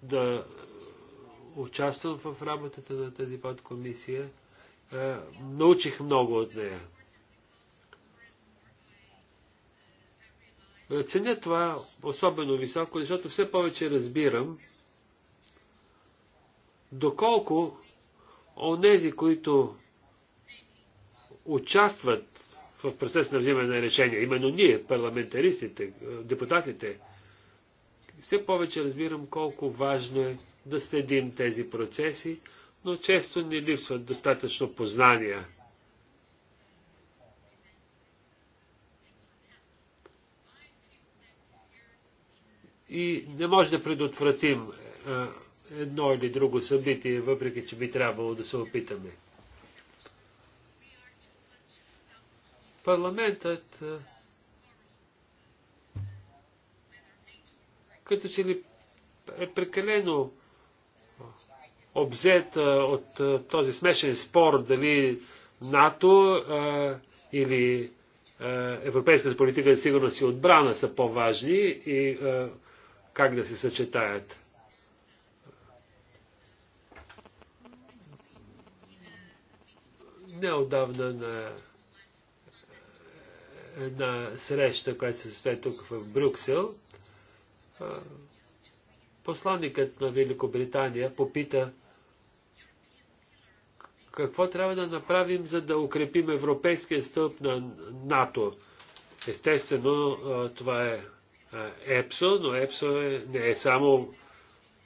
да участвам в работата на тази подкомисия. Научих много от нея. Ценя това особено високо, защото все повече разбирам доколко онези, които участват в процес на взимане на решения, именно ние, парламентаристите, депутатите, все повече разбирам колко важно е да следим тези процеси, но често ни липсват достатъчно познания. И не може да предотвратим едно или друго събитие, въпреки че би трябвало да се опитаме. Парламентът като че ли е прекалено обзет от този смешен спор дали НАТО или европейската политика за сигурност и отбрана са по-важни и как да се съчетаят. Неодавна на една среща, която се състои тук в Брюксел, Посланникът на Великобритания попита какво трябва да направим, за да укрепим европейския стълб на НАТО. Естествено, това е ЕПСО, но ЕПСО е, не е само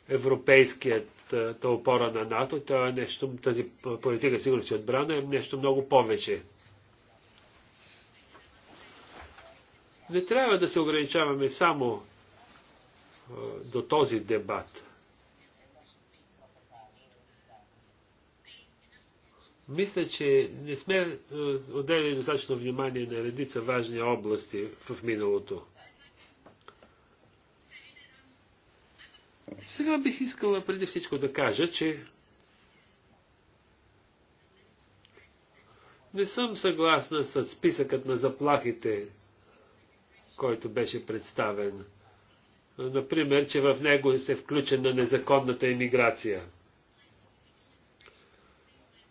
европейският опора на НАТО, това е нещо, тази политика сигурност и отбрана е нещо много повече. Не трябва да се ограничаваме само до този дебат. Мисля, че не сме отделили достатъчно внимание на редица важни области в миналото. Сега бих искала преди всичко да кажа, че не съм съгласна с списъкът на заплахите, който беше представен. Например, че в него се включен на незаконната иммиграция.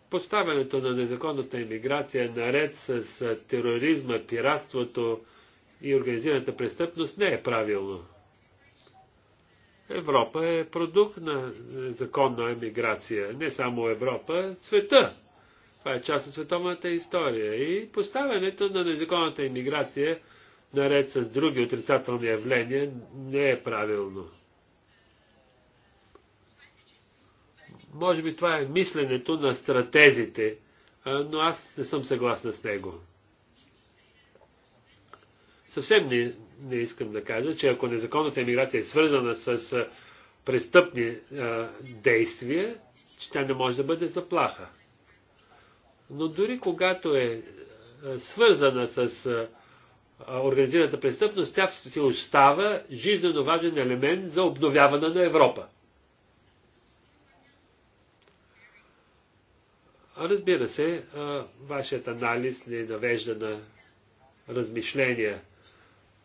Поставянето на незаконната иммиграция наред с тероризма, пиратството и организираната престъпност не е правилно. Европа е продукт на законна емиграция. Не само Европа, света. Това е част от световната история. И поставянето на незаконната иммиграция наред с други отрицателни явления, не е правилно. Може би това е мисленето на стратезите, но аз не съм съгласна с него. Съвсем не, не искам да кажа, че ако незаконната емиграция е свързана с престъпни а, действия, че тя не може да бъде заплаха. Но дори когато е свързана с а, организираната престъпност, тя си остава жизненно важен елемент за обновяване на Европа. Разбира се, вашият анализ не навежда на размишления.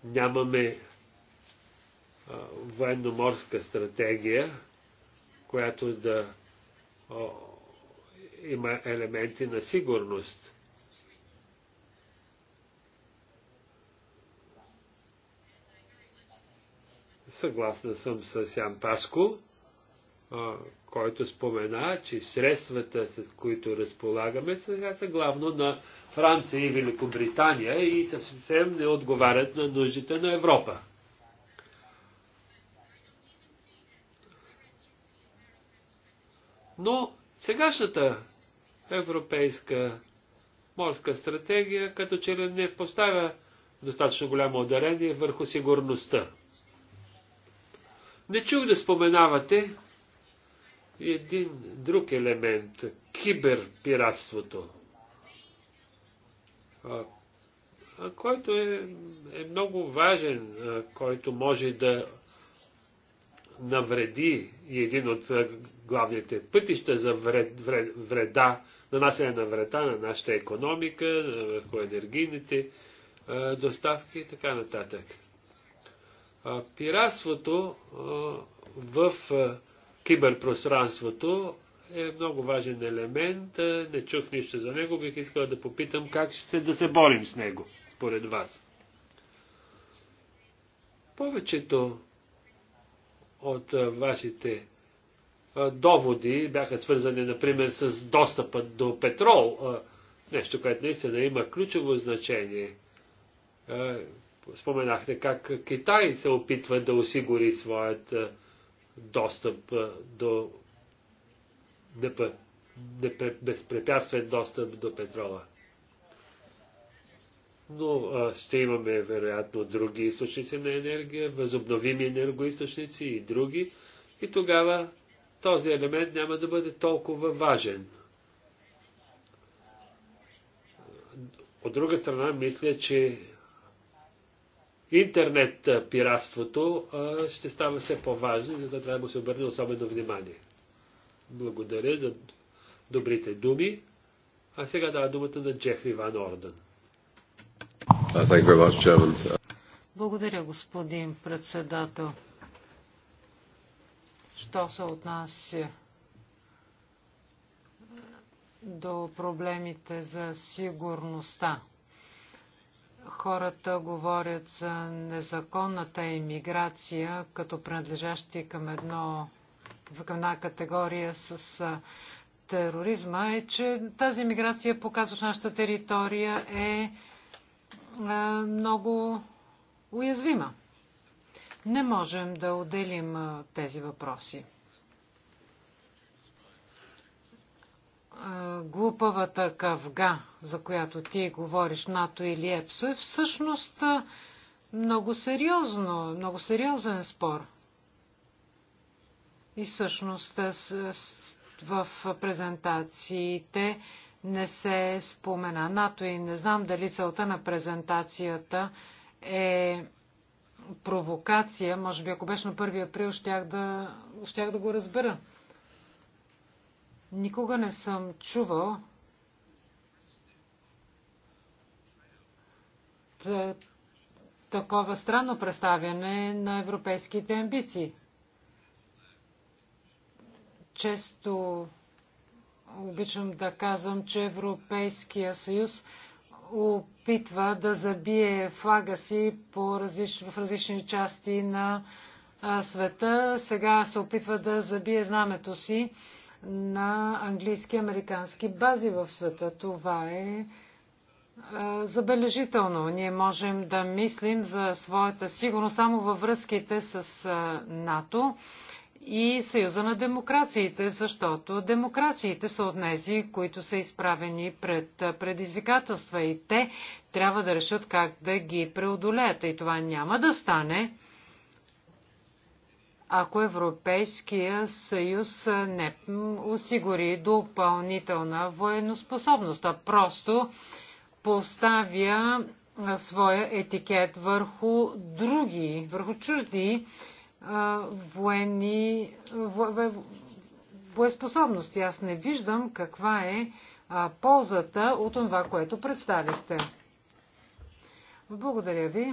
Нямаме военноморска стратегия, която да има елементи на сигурност. Съгласна съм с Ян Паско, който спомена, че средствата, с които разполагаме, сега са главно на Франция и Великобритания и съвсем не отговарят на нуждите на Европа. Но сегашната европейска морска стратегия като че ли не поставя достатъчно голямо ударение върху сигурността. Не чух да споменавате един друг елемент киберпиратството, който е, е много важен, който може да навреди и един от главните пътища за вред, вред, вреда, нанасяне на вреда на нашата економика, върху енергийните доставки и така нататък. Пиратството в киберпространството е много важен елемент. Не чух нищо за него. Бих искал да попитам как ще се да се борим с него, според вас. Повечето от вашите доводи бяха свързани, например, с достъпа до петрол, нещо, което наистина има ключово значение споменахте как Китай се опитва да осигури своят достъп до безпрепятствен достъп до петрола. Но ще имаме вероятно други източници на енергия, възобновими енергоисточници и други. И тогава този елемент няма да бъде толкова важен. От друга страна, мисля, че интернет пиратството ще става все по-важно, за да трябва да се обърне особено внимание. Благодаря за добрите думи. А сега дава думата на Джефри Ван Орден. Благодаря, господин председател. Що се отнася до проблемите за сигурността? хората говорят за незаконната иммиграция като принадлежащи към, едно, към една категория с тероризма е, че тази миграция показва, че нашата територия е много уязвима. Не можем да отделим тези въпроси. глупавата кавга, за която ти говориш, НАТО или ЕПСО, е всъщност много сериозно, много сериозен спор. И всъщност в презентациите не се спомена НАТО и не знам дали целта на презентацията е провокация. Може би ако беше на 1 април, щях да, щях да го разбера. Никога не съм чувал такова странно представяне на европейските амбиции. Често обичам да казвам, че Европейския съюз опитва да забие флага си по различ... в различни части на света. Сега се опитва да забие знамето си на английски и американски бази в света. Това е забележително. Ние можем да мислим за своята сигурност само във връзките с НАТО и Съюза на демокрациите, защото демокрациите са от нези, които са изправени пред предизвикателства и те трябва да решат как да ги преодолеят. И това няма да стане ако Европейския съюз не осигури допълнителна военноспособност, а просто поставя своя етикет върху други, върху чужди военни боеспособности. Аз не виждам каква е ползата от това, което представихте. Благодаря ви.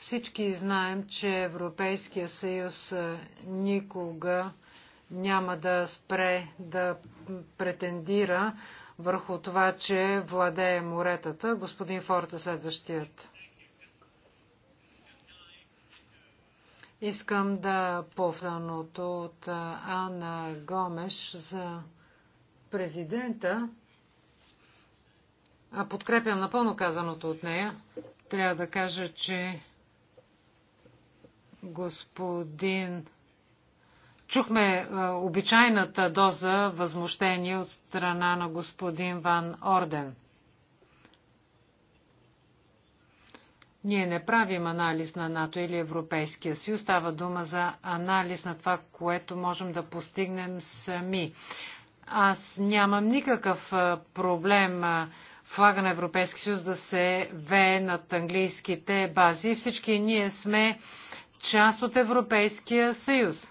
Всички знаем, че Европейския съюз никога няма да спре да претендира върху това, че владее моретата. Господин Форта следващият. Искам да повданото от Анна Гомеш за президента. А подкрепям напълно казаното от нея. Трябва да кажа, че господин. Чухме обичайната доза възмущение от страна на господин Ван Орден. Ние не правим анализ на НАТО или Европейския съюз. Става дума за анализ на това, което можем да постигнем сами. Аз нямам никакъв проблем флага на Европейския съюз да се вее над английските бази. Всички ние сме част от Европейския съюз.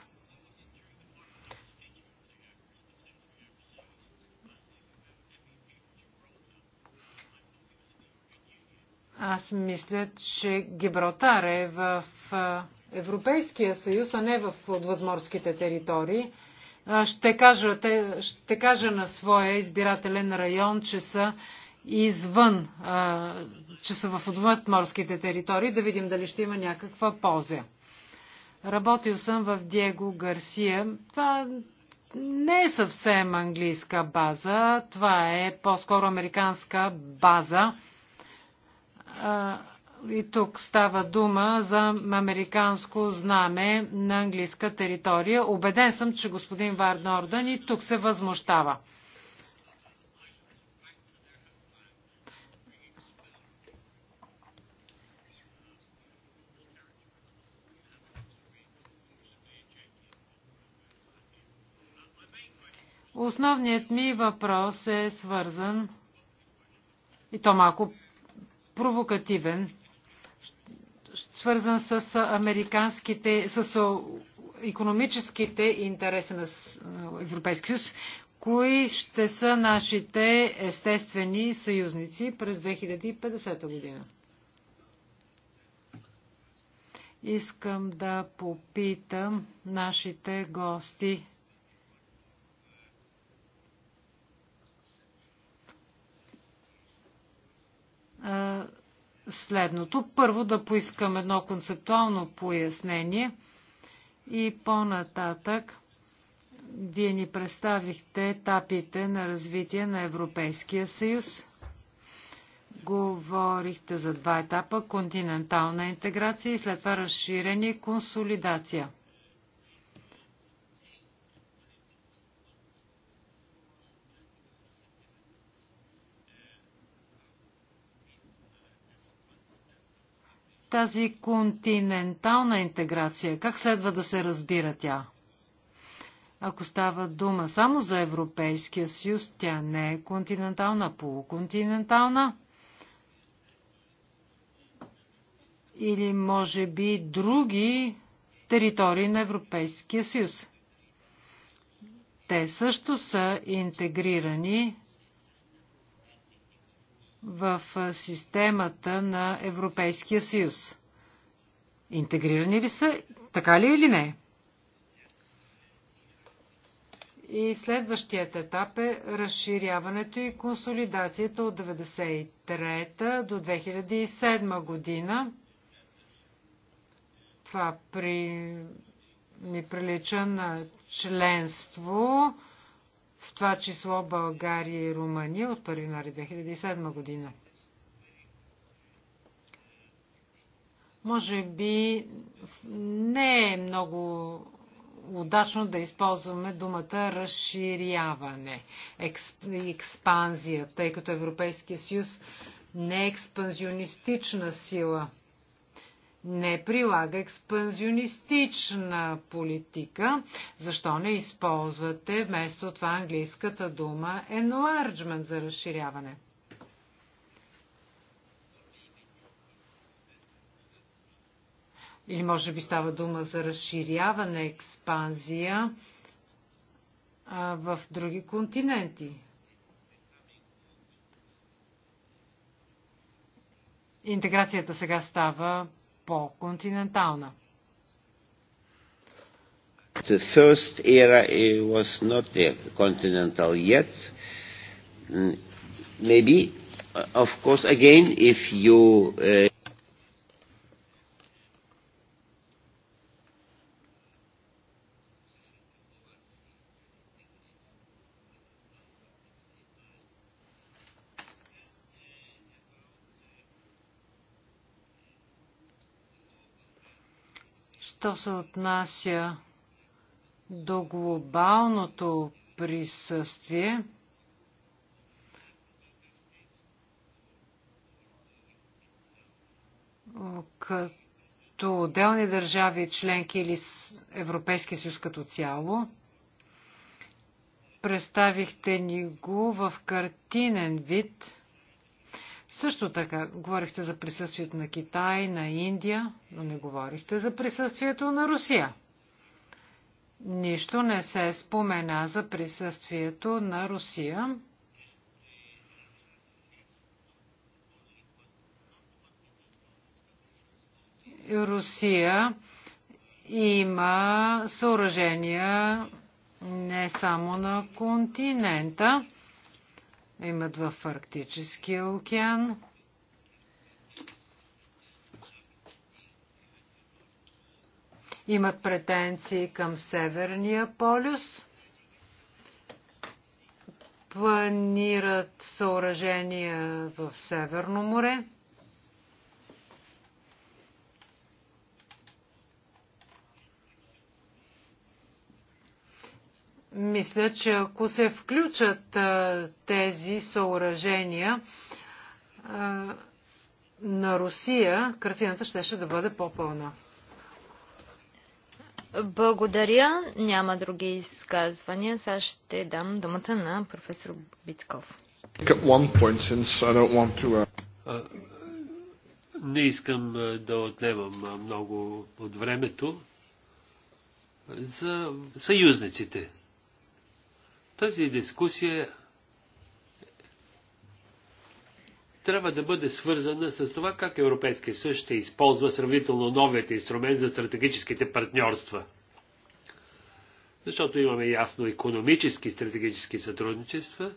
Аз мисля, че Гибралтар е в Европейския съюз, а не в подвъзморските територии. Ще кажа, ще кажа на своя избирателен район, че са извън, че са в отвъзморските територии, да видим дали ще има някаква полза. Работил съм в Диего Гарсия. Това не е съвсем английска база, това е по-скоро американска база. И тук става дума за американско знаме на английска територия. Обеден съм, че господин Вар Нордън и тук се възмущава. Основният ми въпрос е свързан и то малко провокативен, свързан с американските, с економическите интереси на Европейския съюз, кои ще са нашите естествени съюзници през 2050 година. Искам да попитам нашите гости следното. Първо да поискам едно концептуално пояснение и по-нататък вие ни представихте етапите на развитие на Европейския съюз. Говорихте за два етапа – континентална интеграция и след това разширение и консолидация – Тази континентална интеграция, как следва да се разбира тя? Ако става дума само за Европейския съюз, тя не е континентална, полуконтинентална. Или може би други територии на Европейския съюз. Те също са интегрирани в системата на Европейския съюз. Интегрирани ли са? Така ли или не? И следващият етап е разширяването и консолидацията от 1993 до 2007 година. Това при... ми прилича на членство в това число България и Румъния от 1 януари 2007 година. Може би не е много удачно да използваме думата разширяване, експ, експанзия, тъй като Европейския съюз не е експанзионистична сила не прилага експанзионистична политика. Защо не използвате вместо това английската дума enlargement за разширяване? Или може би става дума за разширяване, експанзия а, в други континенти. Интеграцията сега става по-континентална. The first era it eh, was not the continental yet. Mm, maybe, uh, of course, again, if you... Uh... Що се отнася до глобалното присъствие, като отделни държави членки или Европейски съюз като цяло, представихте ни го в картинен вид – Също така говорихте за присъствието на Китай, на Индия, но не говорихте за присъствието на Русия. Нищо не се спомена за присъствието на Русия. Русия има съоръжения не само на континента имат в Арктическия океан. Имат претенции към Северния полюс. Планират съоръжения в Северно море. Мисля, че ако се включат тези съоръжения на Русия, картината ще, ще да бъде по-пълна. Благодаря. Няма други изказвания. Сега ще дам думата на професор Бицков. Не искам да отнемам много от времето за съюзниците. Тази дискусия трябва да бъде свързана с това как Европейския съюз ще използва сравнително новият инструмент за стратегическите партньорства. Защото имаме ясно економически стратегически сътрудничества,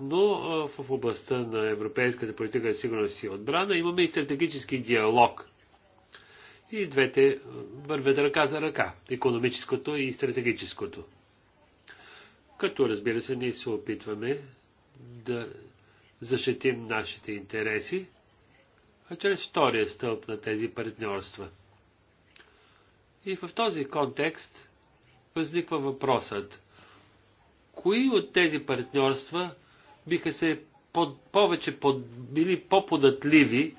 но в областта на европейската политика за сигурност и отбрана имаме и стратегически диалог. И двете вървят ръка за ръка економическото и стратегическото като разбира се ние се опитваме да защитим нашите интереси, а чрез втория стълб на тези партньорства. И в този контекст възниква въпросът, кои от тези партньорства биха се под, повече под, били по-податливи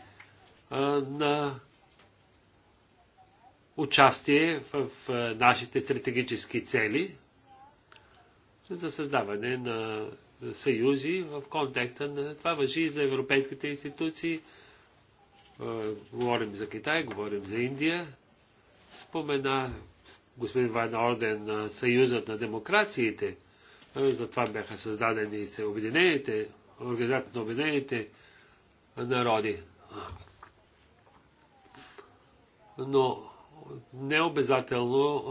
на участие в, в нашите стратегически цели за създаване на съюзи в контекста на това въжи и за европейските институции. Говорим за Китай, говорим за Индия. Спомена господин Вайна Орден на Съюзът на демокрациите. Затова бяха създадени и се обединените, Организацията на обединените народи. Но не обязателно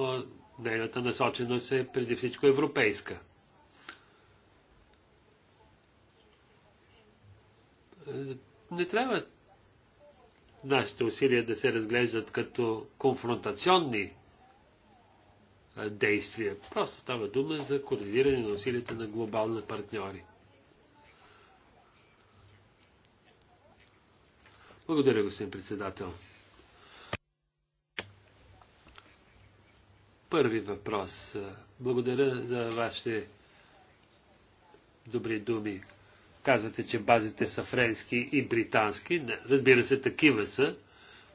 нейната насоченост е преди всичко европейска. Не трябва нашите усилия да се разглеждат като конфронтационни действия. Просто става дума за координиране на усилията на глобални партньори. Благодаря, господин председател. Първи въпрос. Благодаря за вашите добри думи. Казвате, че базите са френски и британски. Не, разбира се, такива са.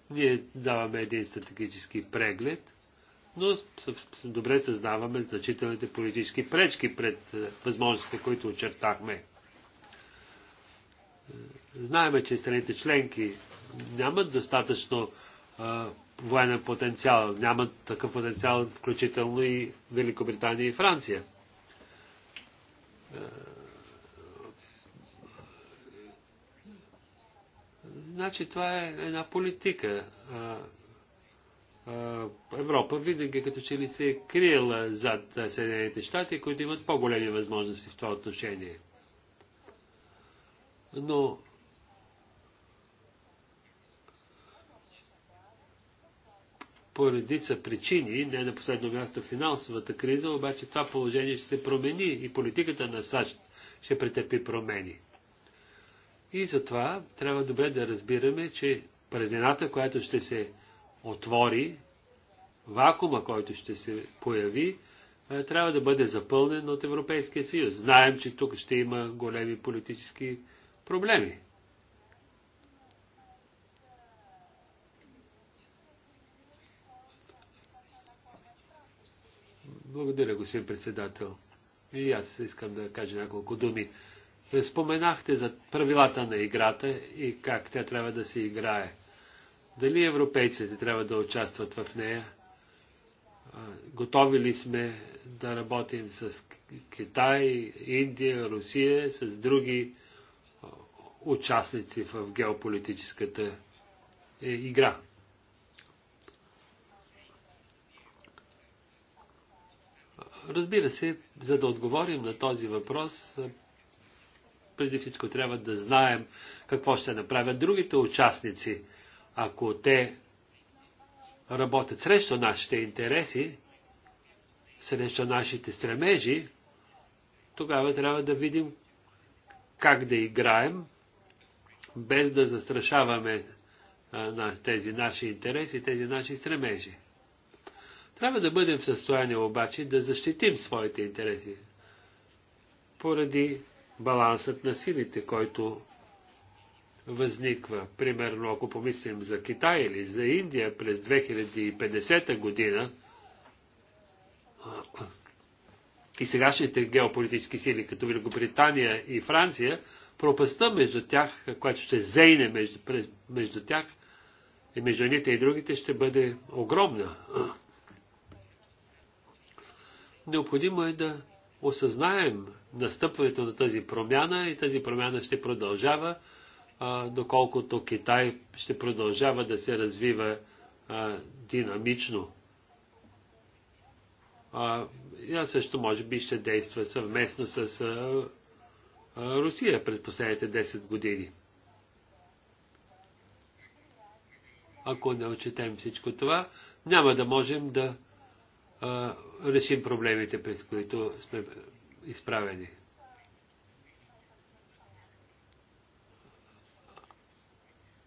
Ние даваме един стратегически преглед, но добре съзнаваме значителните политически пречки пред възможностите, които очертахме. Знаеме, че страните членки нямат достатъчно а, военен потенциал, нямат такъв потенциал, включително и Великобритания и Франция. Значи това е една политика. Европа винаги като че ли се е криела зад Съединените щати, които имат по-големи възможности в това отношение. Но по редица причини, не на последно място финансовата криза, обаче това положение ще се промени и политиката на САЩ ще претърпи промени. И затова трябва добре да разбираме, че празнината, която ще се отвори, вакуума, който ще се появи, трябва да бъде запълнен от Европейския съюз. Знаем, че тук ще има големи политически проблеми. Благодаря, господин председател. И аз искам да кажа няколко думи. Споменахте за правилата на играта и как тя трябва да се играе. Дали европейците трябва да участват в нея? Готови ли сме да работим с Китай, Индия, Русия, с други участници в геополитическата игра? Разбира се, за да отговорим на този въпрос, преди всичко трябва да знаем какво ще направят другите участници, ако те работят срещу нашите интереси, срещу нашите стремежи, тогава трябва да видим как да играем, без да застрашаваме на тези наши интереси, тези наши стремежи. Трябва да бъдем в състояние обаче да защитим своите интереси, поради балансът на силите, който възниква. Примерно, ако помислим за Китай или за Индия през 2050 година и сегашните геополитически сили, като Великобритания и Франция, пропаста между тях, която ще зейне между, между тях, и между едните и другите ще бъде огромна. Необходимо е да осъзнаем настъпването на тази промяна и тази промяна ще продължава, доколкото Китай ще продължава да се развива динамично. я също може би ще действа съвместно с Русия през последните 10 години. Ако не отчетем всичко това, няма да можем да а, решим проблемите, през които сме изправени.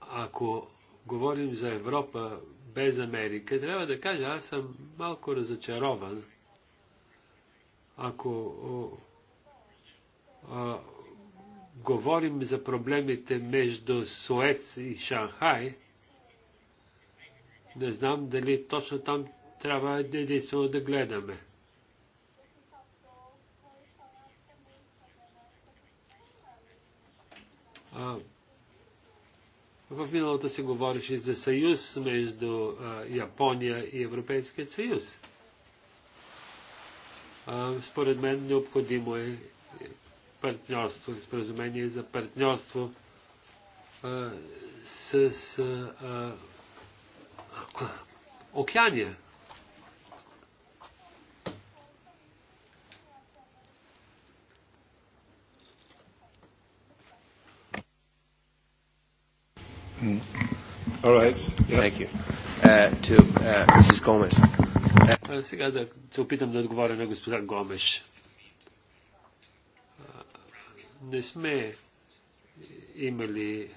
Ако говорим за Европа без Америка, трябва да кажа, аз съм малко разочарован. Ако а, говорим за проблемите между Суец и Шанхай, не знам дали точно там трябва единствено да гледаме. А, в миналото се говореше за съюз между Япония и Европейския съюз. според мен необходимо е партньорство, споразумение за партньорство с Океания. Mm. All right. Yeah. Thank you. Uh, to uh, Mrs. Gomez. Uh, сега да се опитам да отговоря на госпожа Гомеш. Не сме имали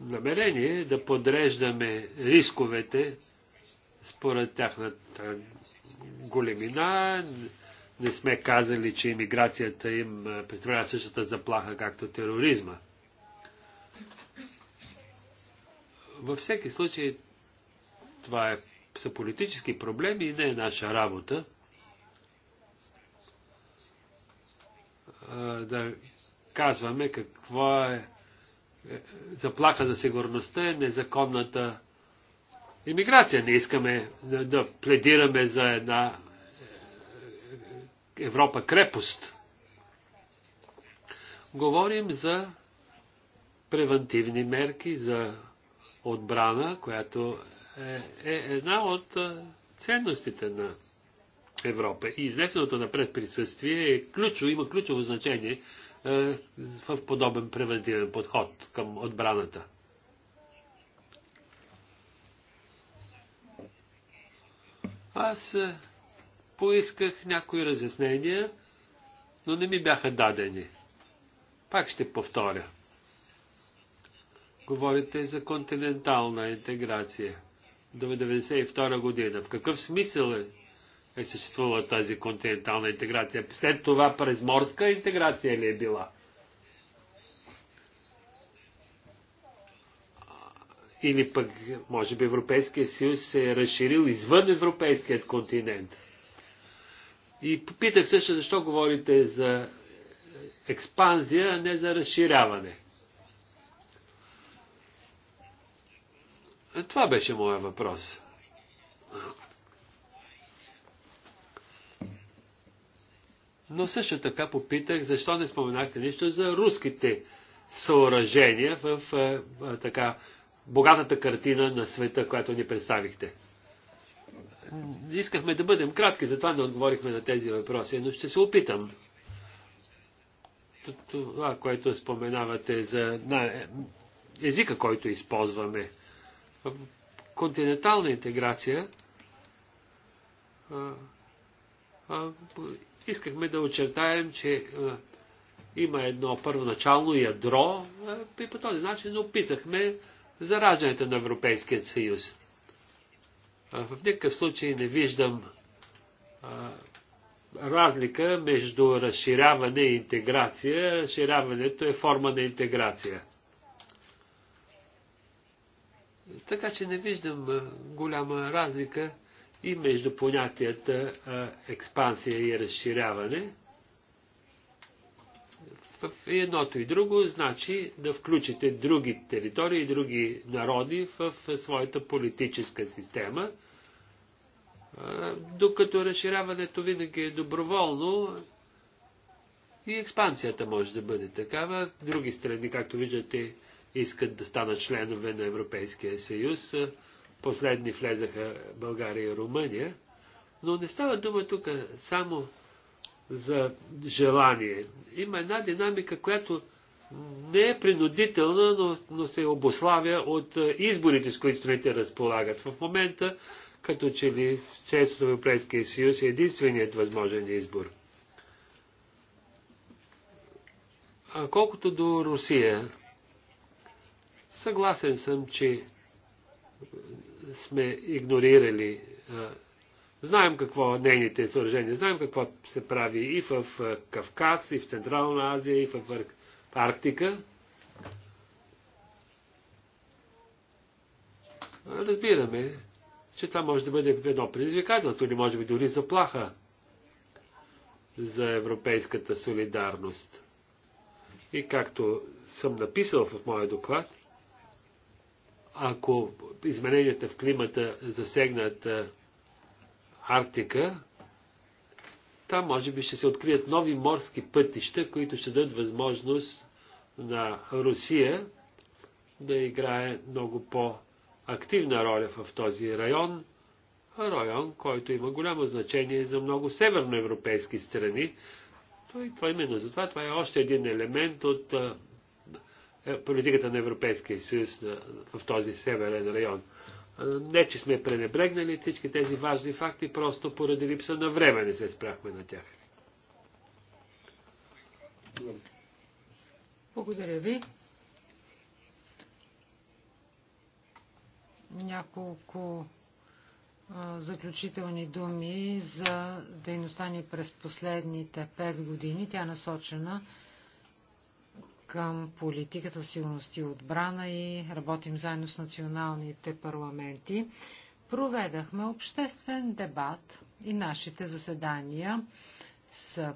намерение да подреждаме рисковете според тяхната големина. Не сме казали, че иммиграцията им представлява същата заплаха, както тероризма. во всеки случай това е, са политически проблеми и не е наша работа. а, да казваме какво е заплаха за сигурността е незаконната иммиграция. Не искаме да, да пледираме за една Европа крепост. Говорим за превентивни мерки, за отбрана, която е, е една от ценностите на Европа. И изнесеното напред присъствие е ключово, има ключово значение е, в подобен превентивен подход към отбраната. Аз поисках някои разяснения, но не ми бяха дадени. Пак ще повторя. Говорите за континентална интеграция до 1992 година. В какъв смисъл е, е съществувала тази континентална интеграция? След това през морска интеграция ли е била? Или пък, може би, Европейския съюз се е разширил извън европейският континент. И попитах също защо говорите за експанзия, а не за разширяване. Това беше моя въпрос. Но също така попитах, защо не споменахте нищо за руските съоръжения в, така богатата картина на света, която ни представихте. Искахме да бъдем кратки, затова не отговорихме на тези въпроси, но ще се опитам. Това, което споменавате за езика, който използваме континентална интеграция, искахме да очертаем, че има едно първоначално ядро и по този начин описахме зараждането на Европейския съюз. В никакъв случай не виждам разлика между разширяване и интеграция. Разширяването е форма на интеграция. Така че не виждам голяма разлика и между понятията експансия и разширяване. В едното и друго значи да включите други територии и други народи в своята политическа система, докато разширяването винаги е доброволно и експансията може да бъде такава. Други страни, както виждате, искат да станат членове на Европейския съюз. Последни влезаха България и Румъния. Но не става дума тук само за желание. Има една динамика, която не е принудителна, но, но се обославя от изборите, с които страните разполагат. В момента, като че ли членството в Европейския съюз е единственият възможен избор. А колкото до Русия, Съгласен съм, че сме игнорирали. Знаем какво нейните съоръжения, знаем какво се прави и в Кавказ, и в Централна Азия, и в Арктика. Разбираме, че това може да бъде едно предизвикателство или може би дори заплаха за европейската солидарност. И както съм написал в моя доклад, Ако измененията в климата засегнат Арктика, там може би ще се открият нови морски пътища, които ще дадат възможност на Русия да играе много по-активна роля в този район, район, който има голямо значение за много северноевропейски страни. Това, това именно затова това е още един елемент от а, политиката на Европейския съюз в този северен район. Не, че сме пренебрегнали всички тези важни факти, просто поради липса на време не се спряхме на тях. Благодаря ви. Няколко а, заключителни думи за дейността ни през последните пет години. Тя е насочена към политиката сигурност и отбрана и работим заедно с националните парламенти. Проведахме обществен дебат и нашите заседания са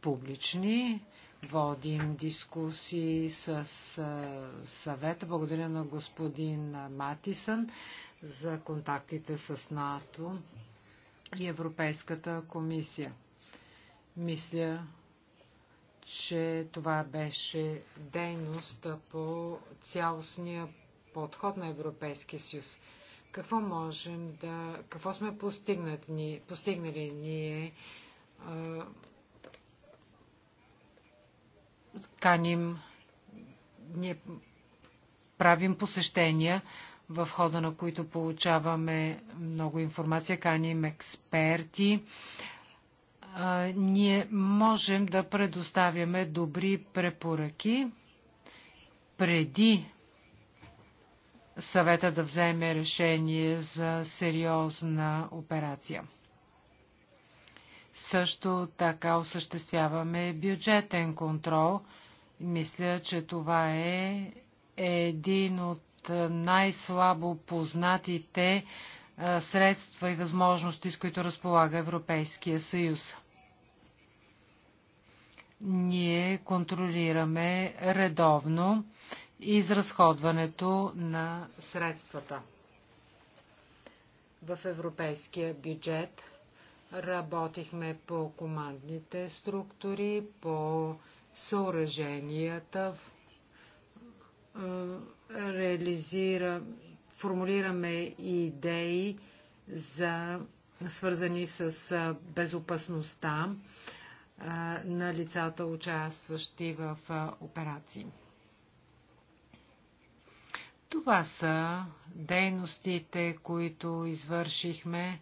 публични. Водим дискусии с съвета. Благодаря на господин Матисън за контактите с НАТО и Европейската комисия. Мисля, че това беше дейност по цялостния подход на Европейския съюз. Какво можем да... Какво сме постигнали, постигнали ние? А, каним... Ние правим посещения, в хода на които получаваме много информация, каним експерти, ние можем да предоставяме добри препоръки преди съвета да вземе решение за сериозна операция. Също така осъществяваме бюджетен контрол. Мисля, че това е един от най-слабо познатите средства и възможности, с които разполага Европейския съюз. Ние контролираме редовно изразходването на средствата. В европейския бюджет работихме по командните структури, по съоръженията, реализира, формулираме и идеи за свързани с безопасността на лицата, участващи в операции. Това са дейностите, които извършихме.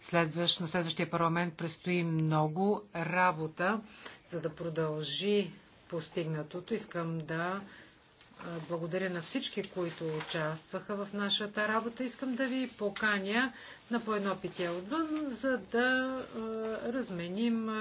Следващ, на следващия парламент предстои много работа, за да продължи постигнатото. Искам да Благодаря на всички, които участваха в нашата работа. Искам да ви поканя на по едно питие отвън, за да разменим